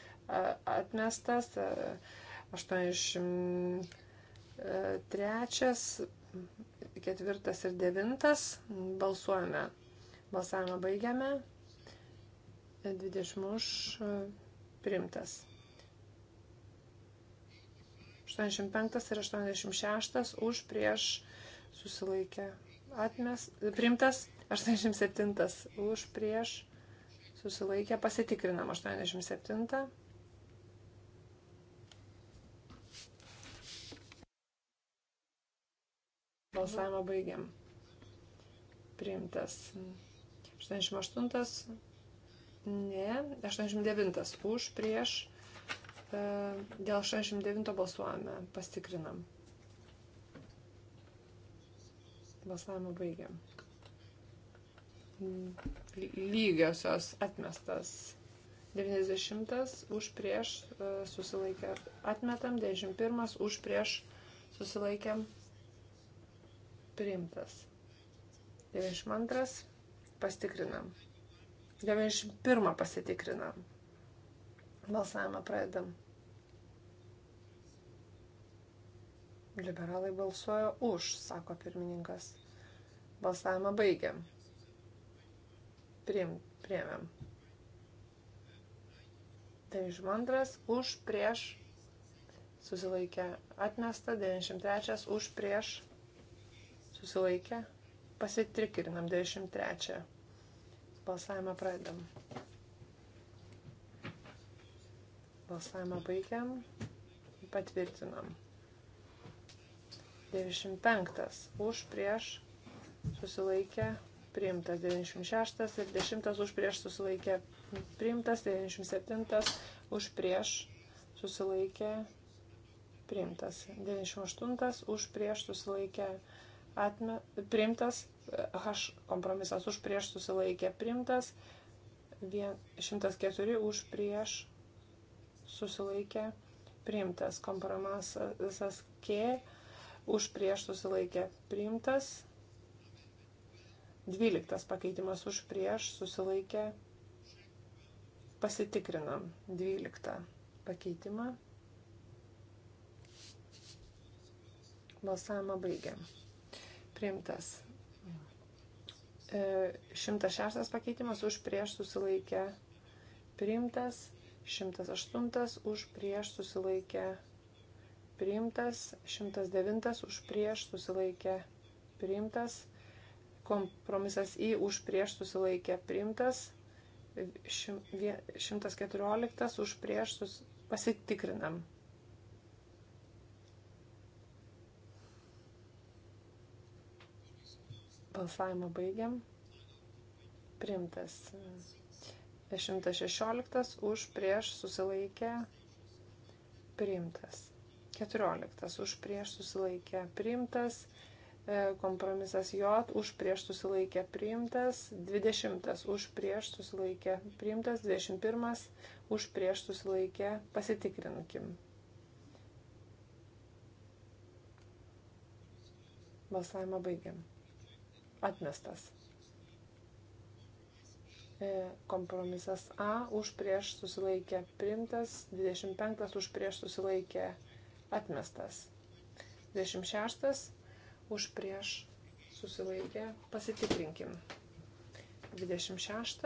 Speaker 1: atmestas, 83, e, 4 ir 9 balsuojame. Balsavimą baigiame. 20 už e, primtas. 85 ir 86 už prieš susilaikę atmes, primtas, 87 už prieš susilaikę pasitikrinam 87. Balsavimą baigiam. Priimtas. 88. Ne. 89. Už prieš. E, dėl 89 balsuojame. Pastikrinam. Balsavimą baigiam. Lygiosios atmestas. 90 e, už prieš susilaikę atmetam, 91 už prieš susilaikėm priimtas. 92 pastikrinam. 91 pasitikrinam. Balsavimą pradedam. Liberalai balsuoja už, sako pirmininkas. Balsavimą baigiam. Priim, priėmėm. Tai žmandras už prieš susilaikė atmesta, 93 už prieš susilaikė. Pasitrikirinam 93. Balsavimą pradedam. Balsavimą baigiam. Patvirtinam. 95 už prieš susilaikė priimtas, 96 ir 10 už prieš susilaikė priimtas, 97 už prieš susilaikė priimtas, 98 už prieš susilaikė atme, priimtas, H kompromisas už prieš susilaikė priimtas, 104 už prieš susilaikė priimtas, kompromisas K už prieš susilaikė priimtas. 12 pakeitimas už prieš susilaikė. Pasitikrinam 12 pakeitimą. Balsavimą baigiam. Priimtas. 106 e, pakeitimas už prieš susilaikę priimtas, 108 už prieš susilaikę priimtas priimtas, 109 už prieš susilaikė priimtas, kompromisas į už prieš susilaikė priimtas, 114 už prieš sus... pasitikrinam. Balsavimą baigiam. Primtas. 116 už prieš susilaikė priimtas. 14 už prieš susilaikę priimtas, e, kompromisas J už prieš susilaikę priimtas, 20 už prieš susilaikę priimtas, 21 už prieš susilaikę pasitikrinkim. Balsavimą baigiam. Atmestas. E, kompromisas A už prieš susilaikę priimtas, 25 už prieš susilaikę priimtas atmestas. 26 už prieš susilaikė, pasitikrinkim. 26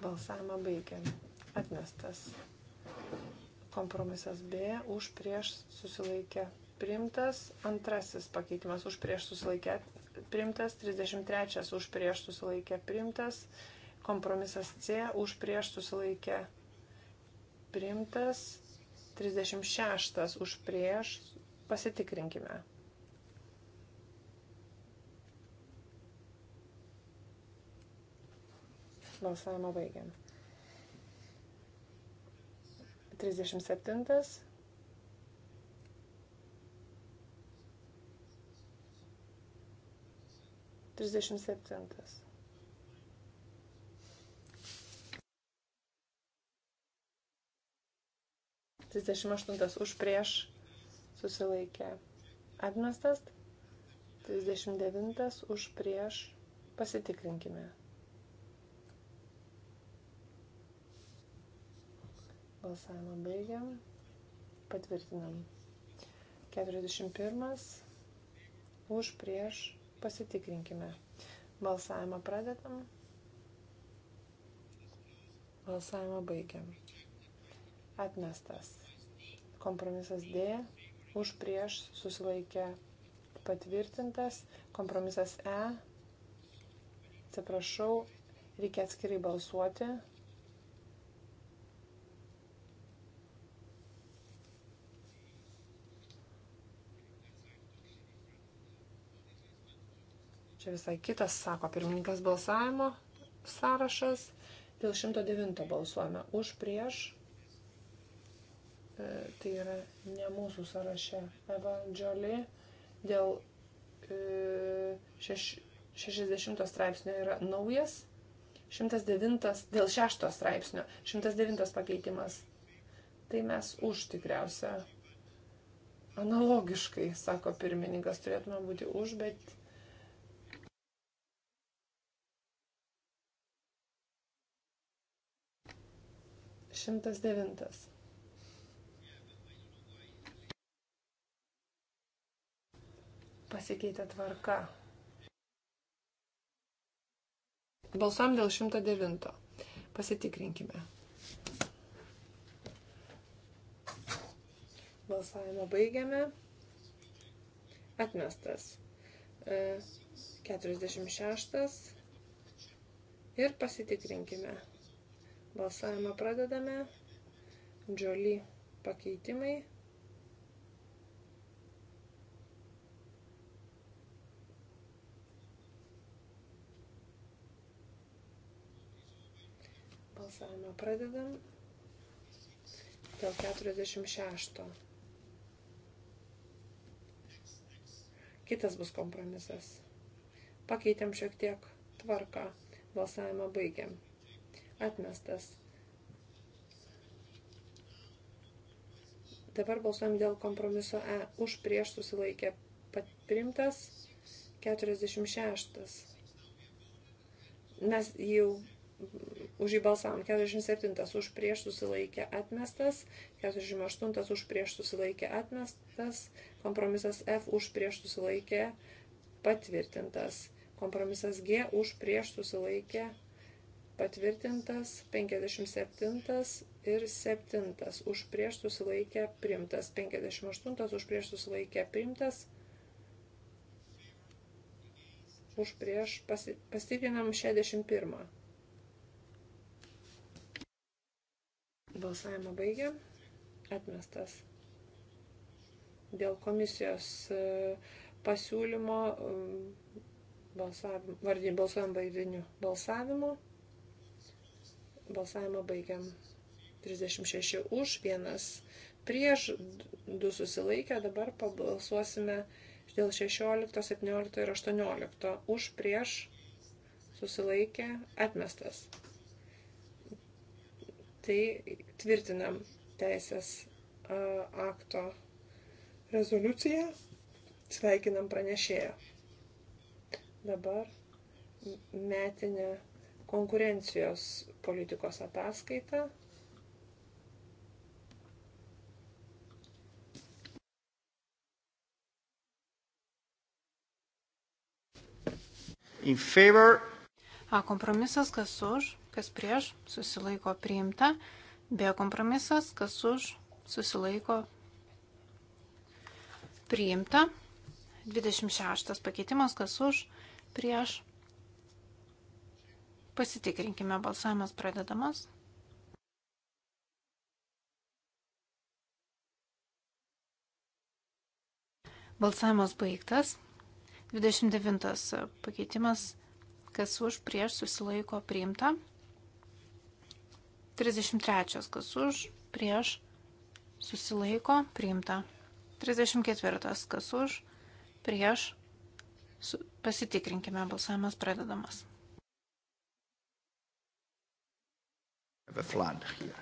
Speaker 1: balsavimą baigiam, atmestas. Kompromisas B už prieš susilaikė primtas, antrasis pakeitimas už prieš susilaikė primtas, 33 už prieš susilaikė primtas, kompromisas C už prieš susilaikė primtas Primtas 36 už prieš. Pasitikrinkime. Balsavimą baigiam. 37. Trisdešimt septintas. 38 už prieš susilaikė atmestas, 39 už prieš pasitikrinkime. Balsavimą baigiam, patvirtinam. 41 už prieš pasitikrinkime. Balsavimą pradedam. Balsavimą baigiam. Atmestas. Kompromisas D. Už prieš susilaikė patvirtintas. Kompromisas E. Atsiprašau, reikia atskirai balsuoti. Čia visai kitas, sako pirmininkas balsavimo sąrašas. Dėl 109 balsuojame už prieš E, tai yra ne mūsų sąraše. Evangeliai dėl 60 e, straipsnio yra naujas, 109 dėl 6 straipsnio, 109 pakeitimas. Tai mes už tikriausia. Analogiškai, sako pirmininkas, turėtume būti už, bet šimtas devintas. pasikeitė tvarka. Balsuom dėl 109. Pasitikrinkime. Balsavimą baigiame. Atmestas. 46. E, Ir pasitikrinkime. Balsavimą pradedame. Džioli pakeitimai. balsavimą nu, pradedam dėl 46. Kitas bus kompromisas. Pakeitėm šiek tiek tvarką. Balsavimą baigiam. Atmestas. Dabar balsuojam dėl kompromiso E. Už prieš susilaikė patrimtas 46. Mes jau už jį balsavom. 47 už prieš susilaikė atmestas, 48 už prieš susilaikė atmestas, kompromisas F už prieš susilaikė patvirtintas, kompromisas G už prieš susilaikė patvirtintas, 57 ir 7 už prieš susilaikė primtas, 58 už prieš susilaikė primtas, už prieš pasitikrinam 61. Balsavimą baigiam. Atmestas. Dėl komisijos e, pasiūlymo e, balsavim, vardinį balsuojam baigdiniu balsavimu. Balsavimą baigiam. 36 už, 1 prieš, 2 susilaikę. Dabar pabalsuosime dėl 16, 17 ir 18. Už, prieš, susilaikė, atmestas tai tvirtinam teisės akto rezoliuciją, sveikinam pranešėją. Dabar metinė konkurencijos politikos ataskaita.
Speaker 3: A kompromisas kas už? kas prieš, susilaiko priimta. B kompromisas, kas už, susilaiko priimta. 26 pakeitimas, kas už, prieš. Pasitikrinkime, balsavimas pradedamas. Balsavimas baigtas. 29 pakeitimas, kas už prieš susilaiko priimta. 33. Kas už, prieš, susilaiko, priimta. 34. Kas už, prieš, su, pasitikrinkime, balsavimas pradedamas. Have a flood here.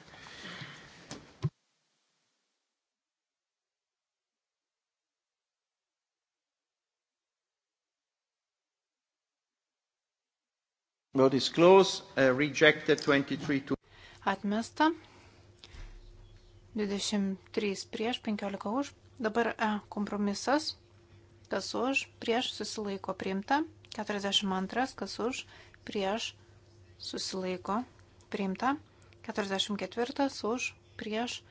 Speaker 2: Vote is closed. Uh, rejected 23 to
Speaker 3: atmesta. 23 prieš, 15 už. Dabar E kompromisas, kas už, prieš susilaiko priimta. 42, kas už, prieš susilaiko priimta. 44 už, prieš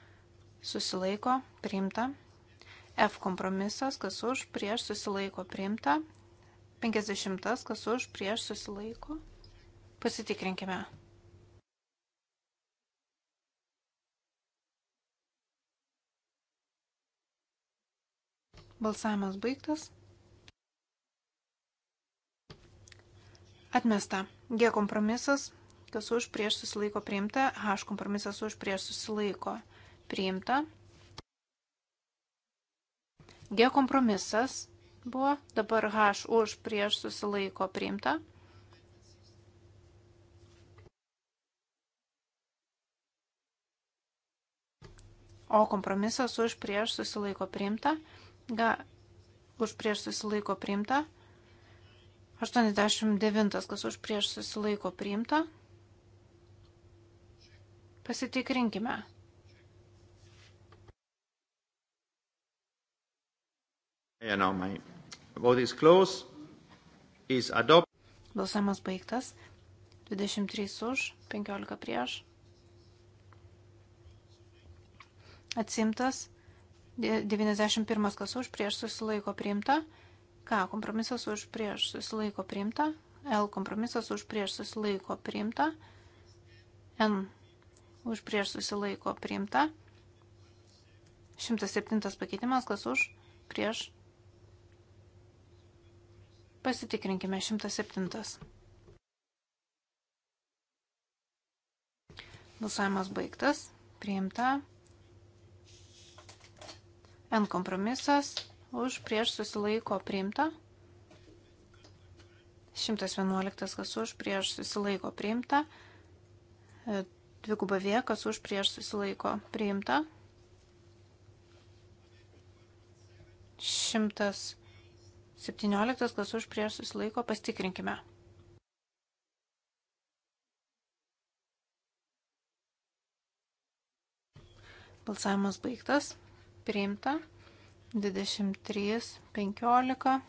Speaker 3: susilaiko priimta. F kompromisas, kas už, prieš susilaiko priimta. 50, kas už, prieš susilaiko. Pasitikrinkime. Balsavimas baigtas. Atmesta. G kompromisas, kas už prieš susilaiko priimta. H kompromisas už prieš susilaiko priimta. G kompromisas buvo, dabar H už prieš susilaiko priimta. O kompromisas už prieš susilaiko priimta. Ga, už prieš susilaiko priimta. 89, kas už prieš susilaiko priimta. Pasitikrinkime.
Speaker 2: Yeah, no, my vote is closed. Is adopt.
Speaker 3: Balsamas baigtas. 23 už, 15 prieš. Atsimtas. 91 kas už prieš susilaiko priimta. K kompromisas už prieš susilaiko priimta. L kompromisas už prieš susilaiko priimta. N už prieš susilaiko priimta. 107 pakeitimas kas už prieš. Pasitikrinkime 107. Balsavimas baigtas. Priimta. N kompromisas už prieš susilaiko priimta. 111 kas už prieš susilaiko priimta. E, dviguba V kas už prieš susilaiko priimta. 117 kas už prieš susilaiko pastikrinkime. Balsavimas baigtas priimta. 23, 15.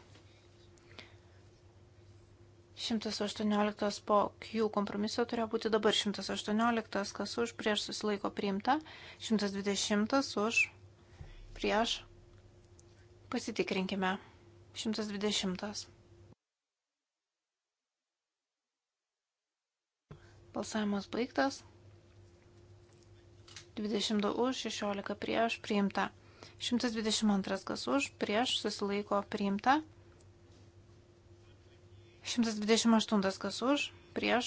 Speaker 3: 118 po Q kompromiso turėjo būti dabar 118, kas už prieš susilaiko priimta, 120 už prieš pasitikrinkime 120. Balsavimas baigtas. 22 už, 16 prieš, priimta. 122 kas už, prieš susilaiko priimta. 128 kas už, prieš.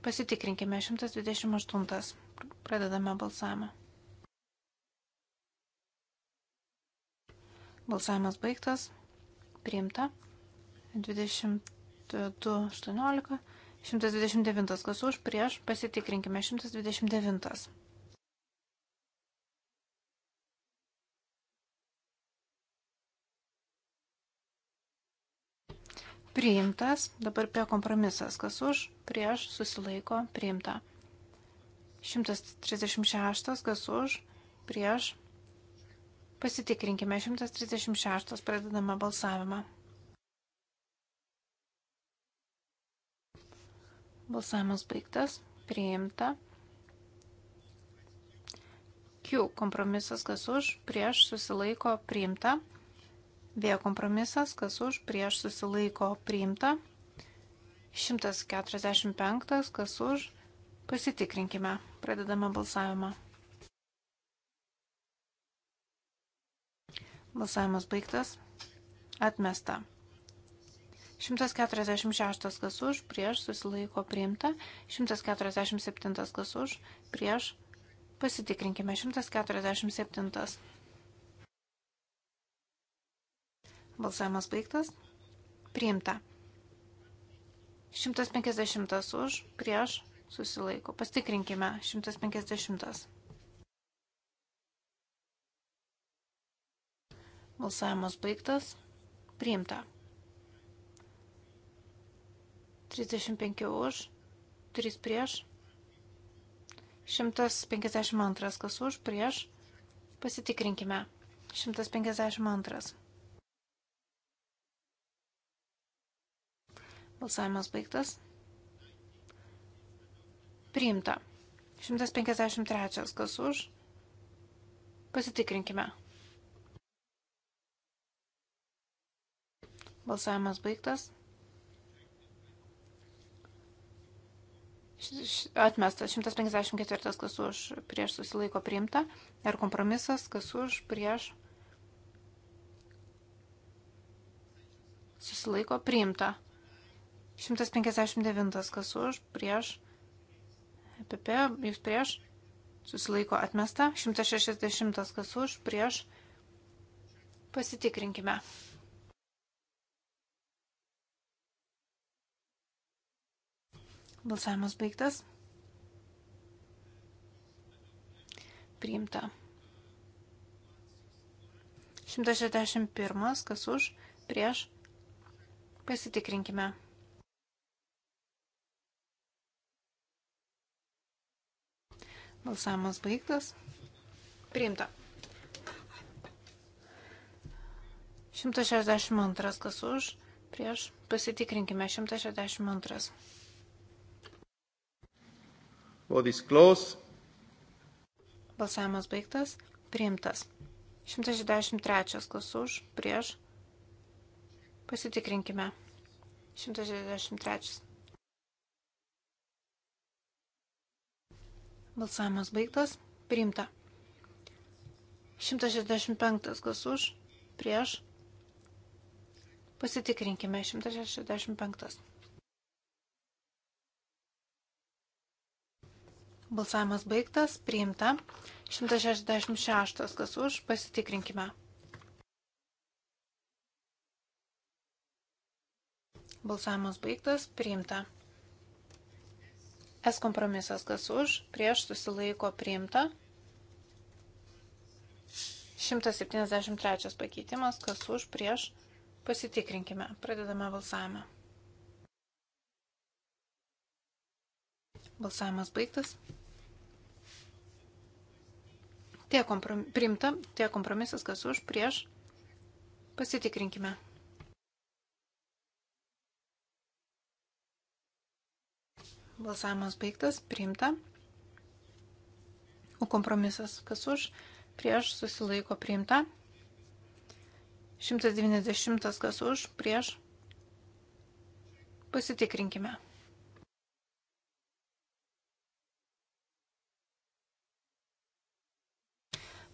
Speaker 3: Pasitikrinkime 128. Pradedame balsavimą. Balsavimas baigtas. Priimta. 22.18. 129 kas už, prieš. Pasitikrinkime 129. priimtas, dabar P kompromisas, kas už, prieš, susilaiko, priimta. 136, kas už, prieš, pasitikrinkime, 136, pradedame balsavimą. Balsavimas baigtas, priimta. Q kompromisas, kas už, prieš, susilaiko, priimta. Vėjo kompromisas, kas už, prieš susilaiko priimta. 145, kas už, pasitikrinkime. Pradedame balsavimą. Balsavimas baigtas. Atmesta. 146 kas už, prieš susilaiko priimta. 147 kas už, prieš pasitikrinkime. 147. Balsavimas baigtas. Priimta. 150 už, prieš, susilaiko. Pastikrinkime. 150. Balsavimas baigtas. Priimta. 35 už, 3 prieš. 152 kas už, prieš. Pasitikrinkime. 152. Balsavimas baigtas. Priimta. 153. Kas už? Pasitikrinkime. Balsavimas baigtas. Atmestas 154, kas už prieš susilaiko priimta. Ir kompromisas, kas už prieš susilaiko priimta. 159 kas už, prieš, EPP, jūs prieš, susilaiko atmesta, 160 kas už, prieš, pasitikrinkime. Balsavimas baigtas. Priimta. 161 kas už, prieš, pasitikrinkime. Balsavimas baigtas. Priimta. 162 kas už, prieš, pasitikrinkime 162.
Speaker 2: Vote is close.
Speaker 3: Balsavimas baigtas, priimtas. 163 kas už, prieš, pasitikrinkime 163. Balsavimas baigtas. Priimta. 165 kas už, prieš. Pasitikrinkime 165. Balsavimas baigtas, priimta. 166 kas už, pasitikrinkime. Balsavimas baigtas, priimta. S kompromisas kas už, prieš susilaiko priimta. 173 pakeitimas kas už, prieš pasitikrinkime. Pradedame balsavimą. Balsavimas baigtas. Tie komprom... Primta, tie kompromisas kas už, prieš pasitikrinkime. Balsavimas baigtas, priimta. O kompromisas, kas už, prieš, susilaiko, priimta. 190 kas už, prieš. Pasitikrinkime.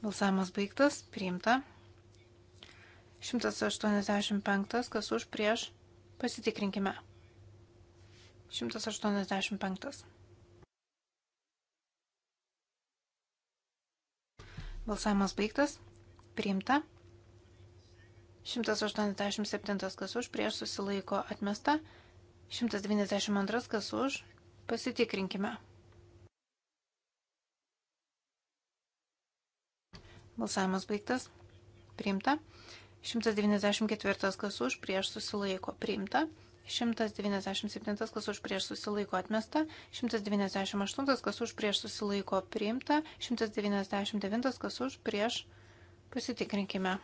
Speaker 3: Balsavimas baigtas, priimta. 185 kas už, prieš. Pasitikrinkime. 185. Balsavimas baigtas. Priimta. 187 kas už, prieš susilaiko atmesta. 192 kas už. Pasitikrinkime. Balsavimas baigtas. Priimta. 194 kas už, prieš susilaiko. Priimta. 197 kas už prieš susilaiko atmesta, 198 kas už prieš susilaiko priimta, 199 kas už prieš pasitikrinkime.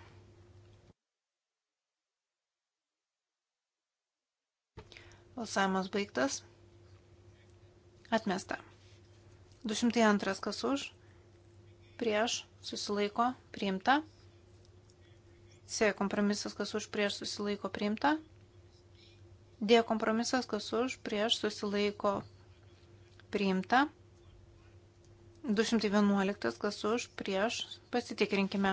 Speaker 3: Balsavimas baigtas. Atmesta. 202 kas už prieš susilaiko priimta. C kompromisas kas už prieš susilaiko priimta. D kompromisas, kas už, prieš susilaiko priimta. 211, kas už, prieš pasitikrinkime.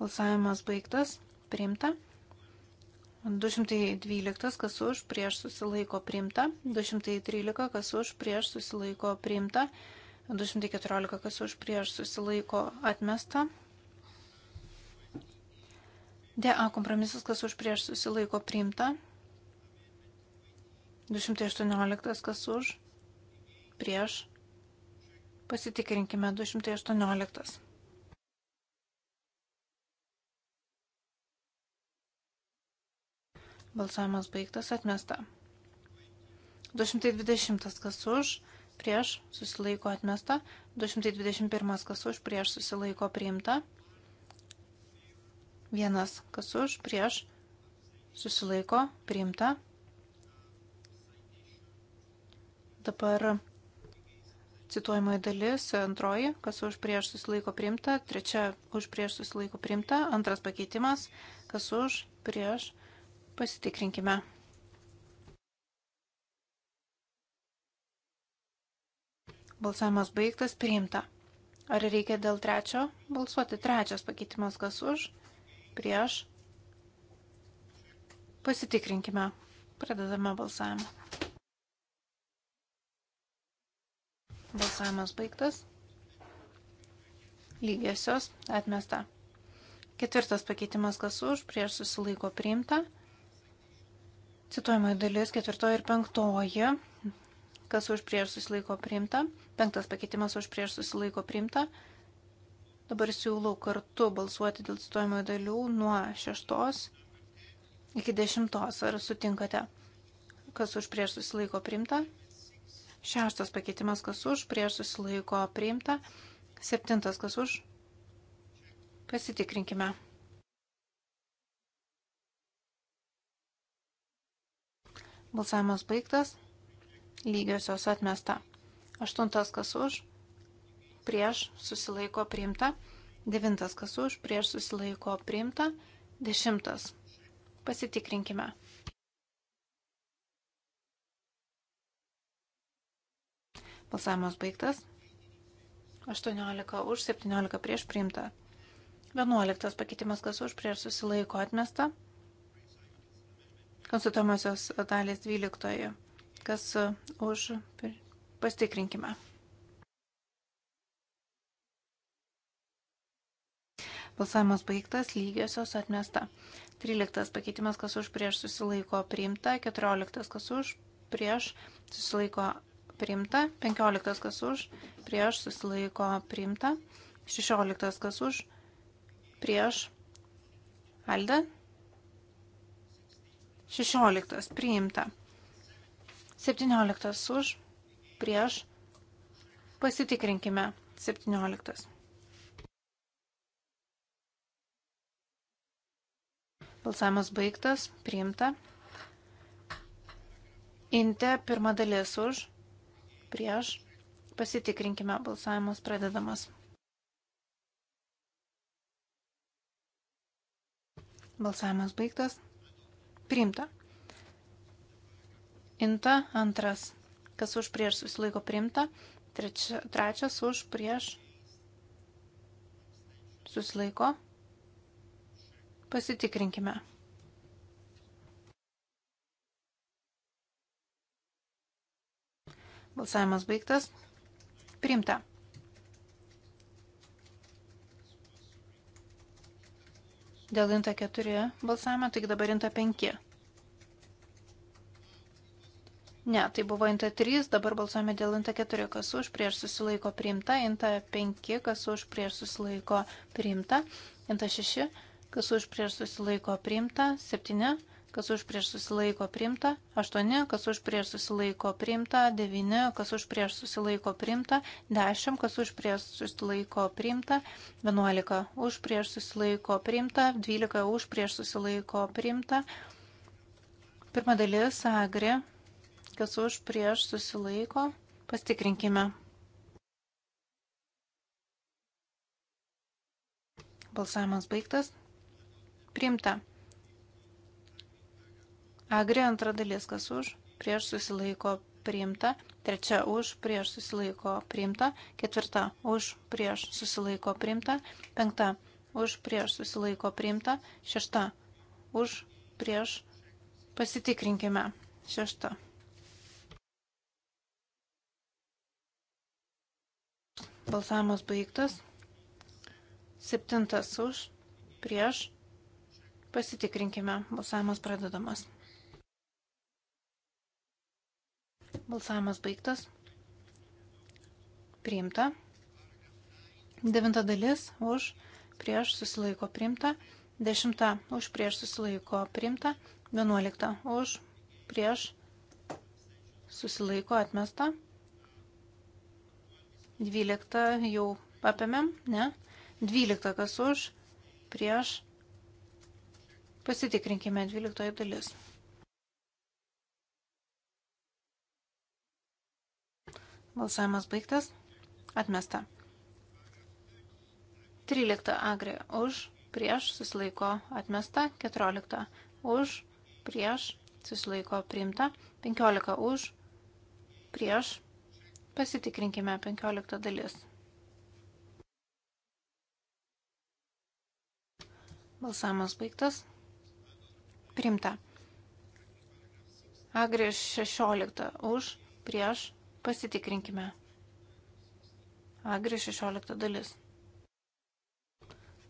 Speaker 3: Balsavimas baigtas, priimta. 212, kas už, prieš susilaiko priimta. 213, kas už, prieš susilaiko priimta. 214, kas už, prieš susilaiko atmesta. DA kompromisas, kas už prieš susilaiko priimta. 218, kas už prieš. Pasitikrinkime 218. Balsavimas baigtas, atmesta. 220 kas už, prieš, susilaiko atmesta. 221 kas už, prieš, susilaiko priimta. Vienas, kas už, prieš, susilaiko, priimta. Dabar cituojamoji dalis, antroji, kas už prieš susilaiko primta, trečia už prieš susilaiko primta, antras pakeitimas, kas už prieš pasitikrinkime. Balsavimas baigtas, priimta. Ar reikia dėl trečio balsuoti? Trečias pakeitimas, kas už, prieš. Pasitikrinkime. Pradedame balsavimą. Balsavimas baigtas. Lygiosios atmesta. Ketvirtas pakeitimas kas už, prieš susilaiko priimta. Cituojamoji dalis ketvirtoji ir penktoji. Kas už prieš susilaiko priimta. Penktas pakeitimas už prieš susilaiko priimta. Penktas pakeitimas už prieš susilaiko priimta. Dabar siūlau kartu balsuoti dėl stojimo dalių nuo šeštos iki dešimtos. Ar sutinkate? Kas už prieš susilaiko priimta? Šeštas pakeitimas, kas už prieš susilaiko priimta? Septintas, kas už? Pasitikrinkime. Balsavimas baigtas. Lygiosios atmesta. Aštuntas kas už prieš susilaiko priimta, devintas kas už, prieš susilaiko priimta, dešimtas. Pasitikrinkime. Balsavimas baigtas. 18 už, 17 prieš priimta. 11 pakeitimas kas už, prieš susilaiko atmesta. Konsultuomosios dalys 12. Kas už, pasitikrinkime. Balsavimas baigtas, lygiosios atmesta. 13 pakeitimas, kas už prieš susilaiko priimta, 14 kas už prieš susilaiko priimta, 15 kas už prieš susilaiko priimta, 16 kas už prieš Alda. 16 priimta. 17 už prieš pasitikrinkime 17. Balsavimas baigtas, priimta. Inte pirma dalis už, prieš. Pasitikrinkime, balsavimas pradedamas. Balsavimas baigtas, priimta. Inta antras, kas už prieš susilaiko priimta, trečia, trečias už prieš susilaiko priimta. Pasitikrinkime. Balsavimas baigtas. Priimta. Dėl inta 4 balsavimo, tik dabar inta 5. Ne, tai buvo inta 3, dabar balsuojame dėl inta 4, kas už prieš susilaiko priimta, inta 5, kas už prieš susilaiko priimta, inta 6, kas už prieš susilaiko priimta, 7, kas už prieš susilaiko priimta, 8, kas už prieš susilaiko priimta, 9, kas už prieš susilaiko priimta, 10, kas už prieš susilaiko priimta, 11, už prieš susilaiko priimta, 12, už prieš susilaiko priimta. Pirma dalis, agri, kas už prieš susilaiko, pastikrinkime. Balsavimas baigtas. Primta. Agri antra dalis, kas už, prieš susilaiko priimta, trečia už, prieš susilaiko priimta, ketvirta už, prieš susilaiko priimta, penkta už, prieš susilaiko priimta, šešta už, prieš pasitikrinkime, šešta. Balsavimas baigtas. Septintas už, prieš Pasitikrinkime. Balsavimas pradedamas. Balsavimas baigtas. Priimta. Devinta dalis už prieš susilaiko priimta. Dešimta už prieš susilaiko priimta. Vienuolikta už prieš susilaiko atmesta. Dvylikta jau apėmėm, ne? Dvylikta kas už prieš Pasitikrinkime 12 dalis. Balsavimas baigtas. Atmesta. 13 agri už, prieš, susilaiko atmesta. 14 už, prieš, susilaiko priimta. 15 už, prieš. Pasitikrinkime 15 dalis. Balsavimas baigtas. Primta. Agri 16 už, prieš, pasitikrinkime. Agri 16 dalis.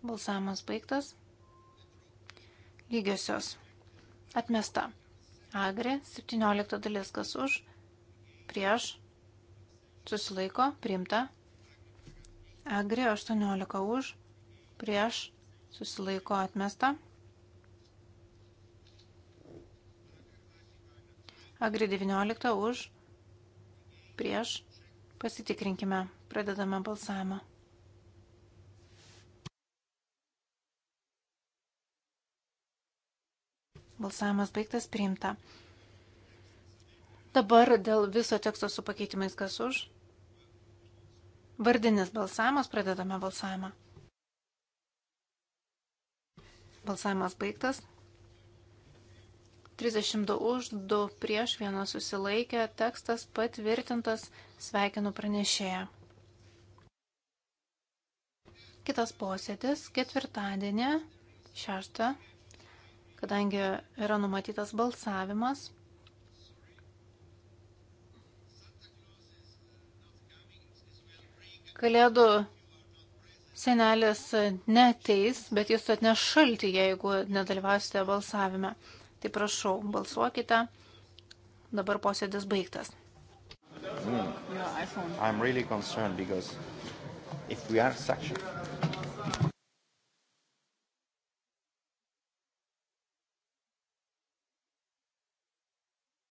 Speaker 3: Balsavimas baigtas. Lygiosios. Atmesta. Agri 17 dalis kas už, prieš, susilaiko, primta. Agri 18 už, prieš, susilaiko, atmesta. Agri 19 už, prieš, pasitikrinkime, pradedame balsavimą. Balsavimas baigtas, priimta. Dabar dėl viso teksto su pakeitimais kas už. Vardinis balsavimas, pradedame balsavimą. Balsavimas baigtas. 32 už, 2 prieš, 1 susilaikė, tekstas patvirtintas, sveikinu pranešėją. Kitas posėdis ketvirtadienį, 6, kadangi yra numatytas balsavimas. Kalėdų senelis neteis, bet jis atneš šaltį, jeigu nedalyvausite balsavime. Tai prašau, balsuokite. Dabar posėdis baigtas. Mm.
Speaker 2: I'm really concerned because if we are such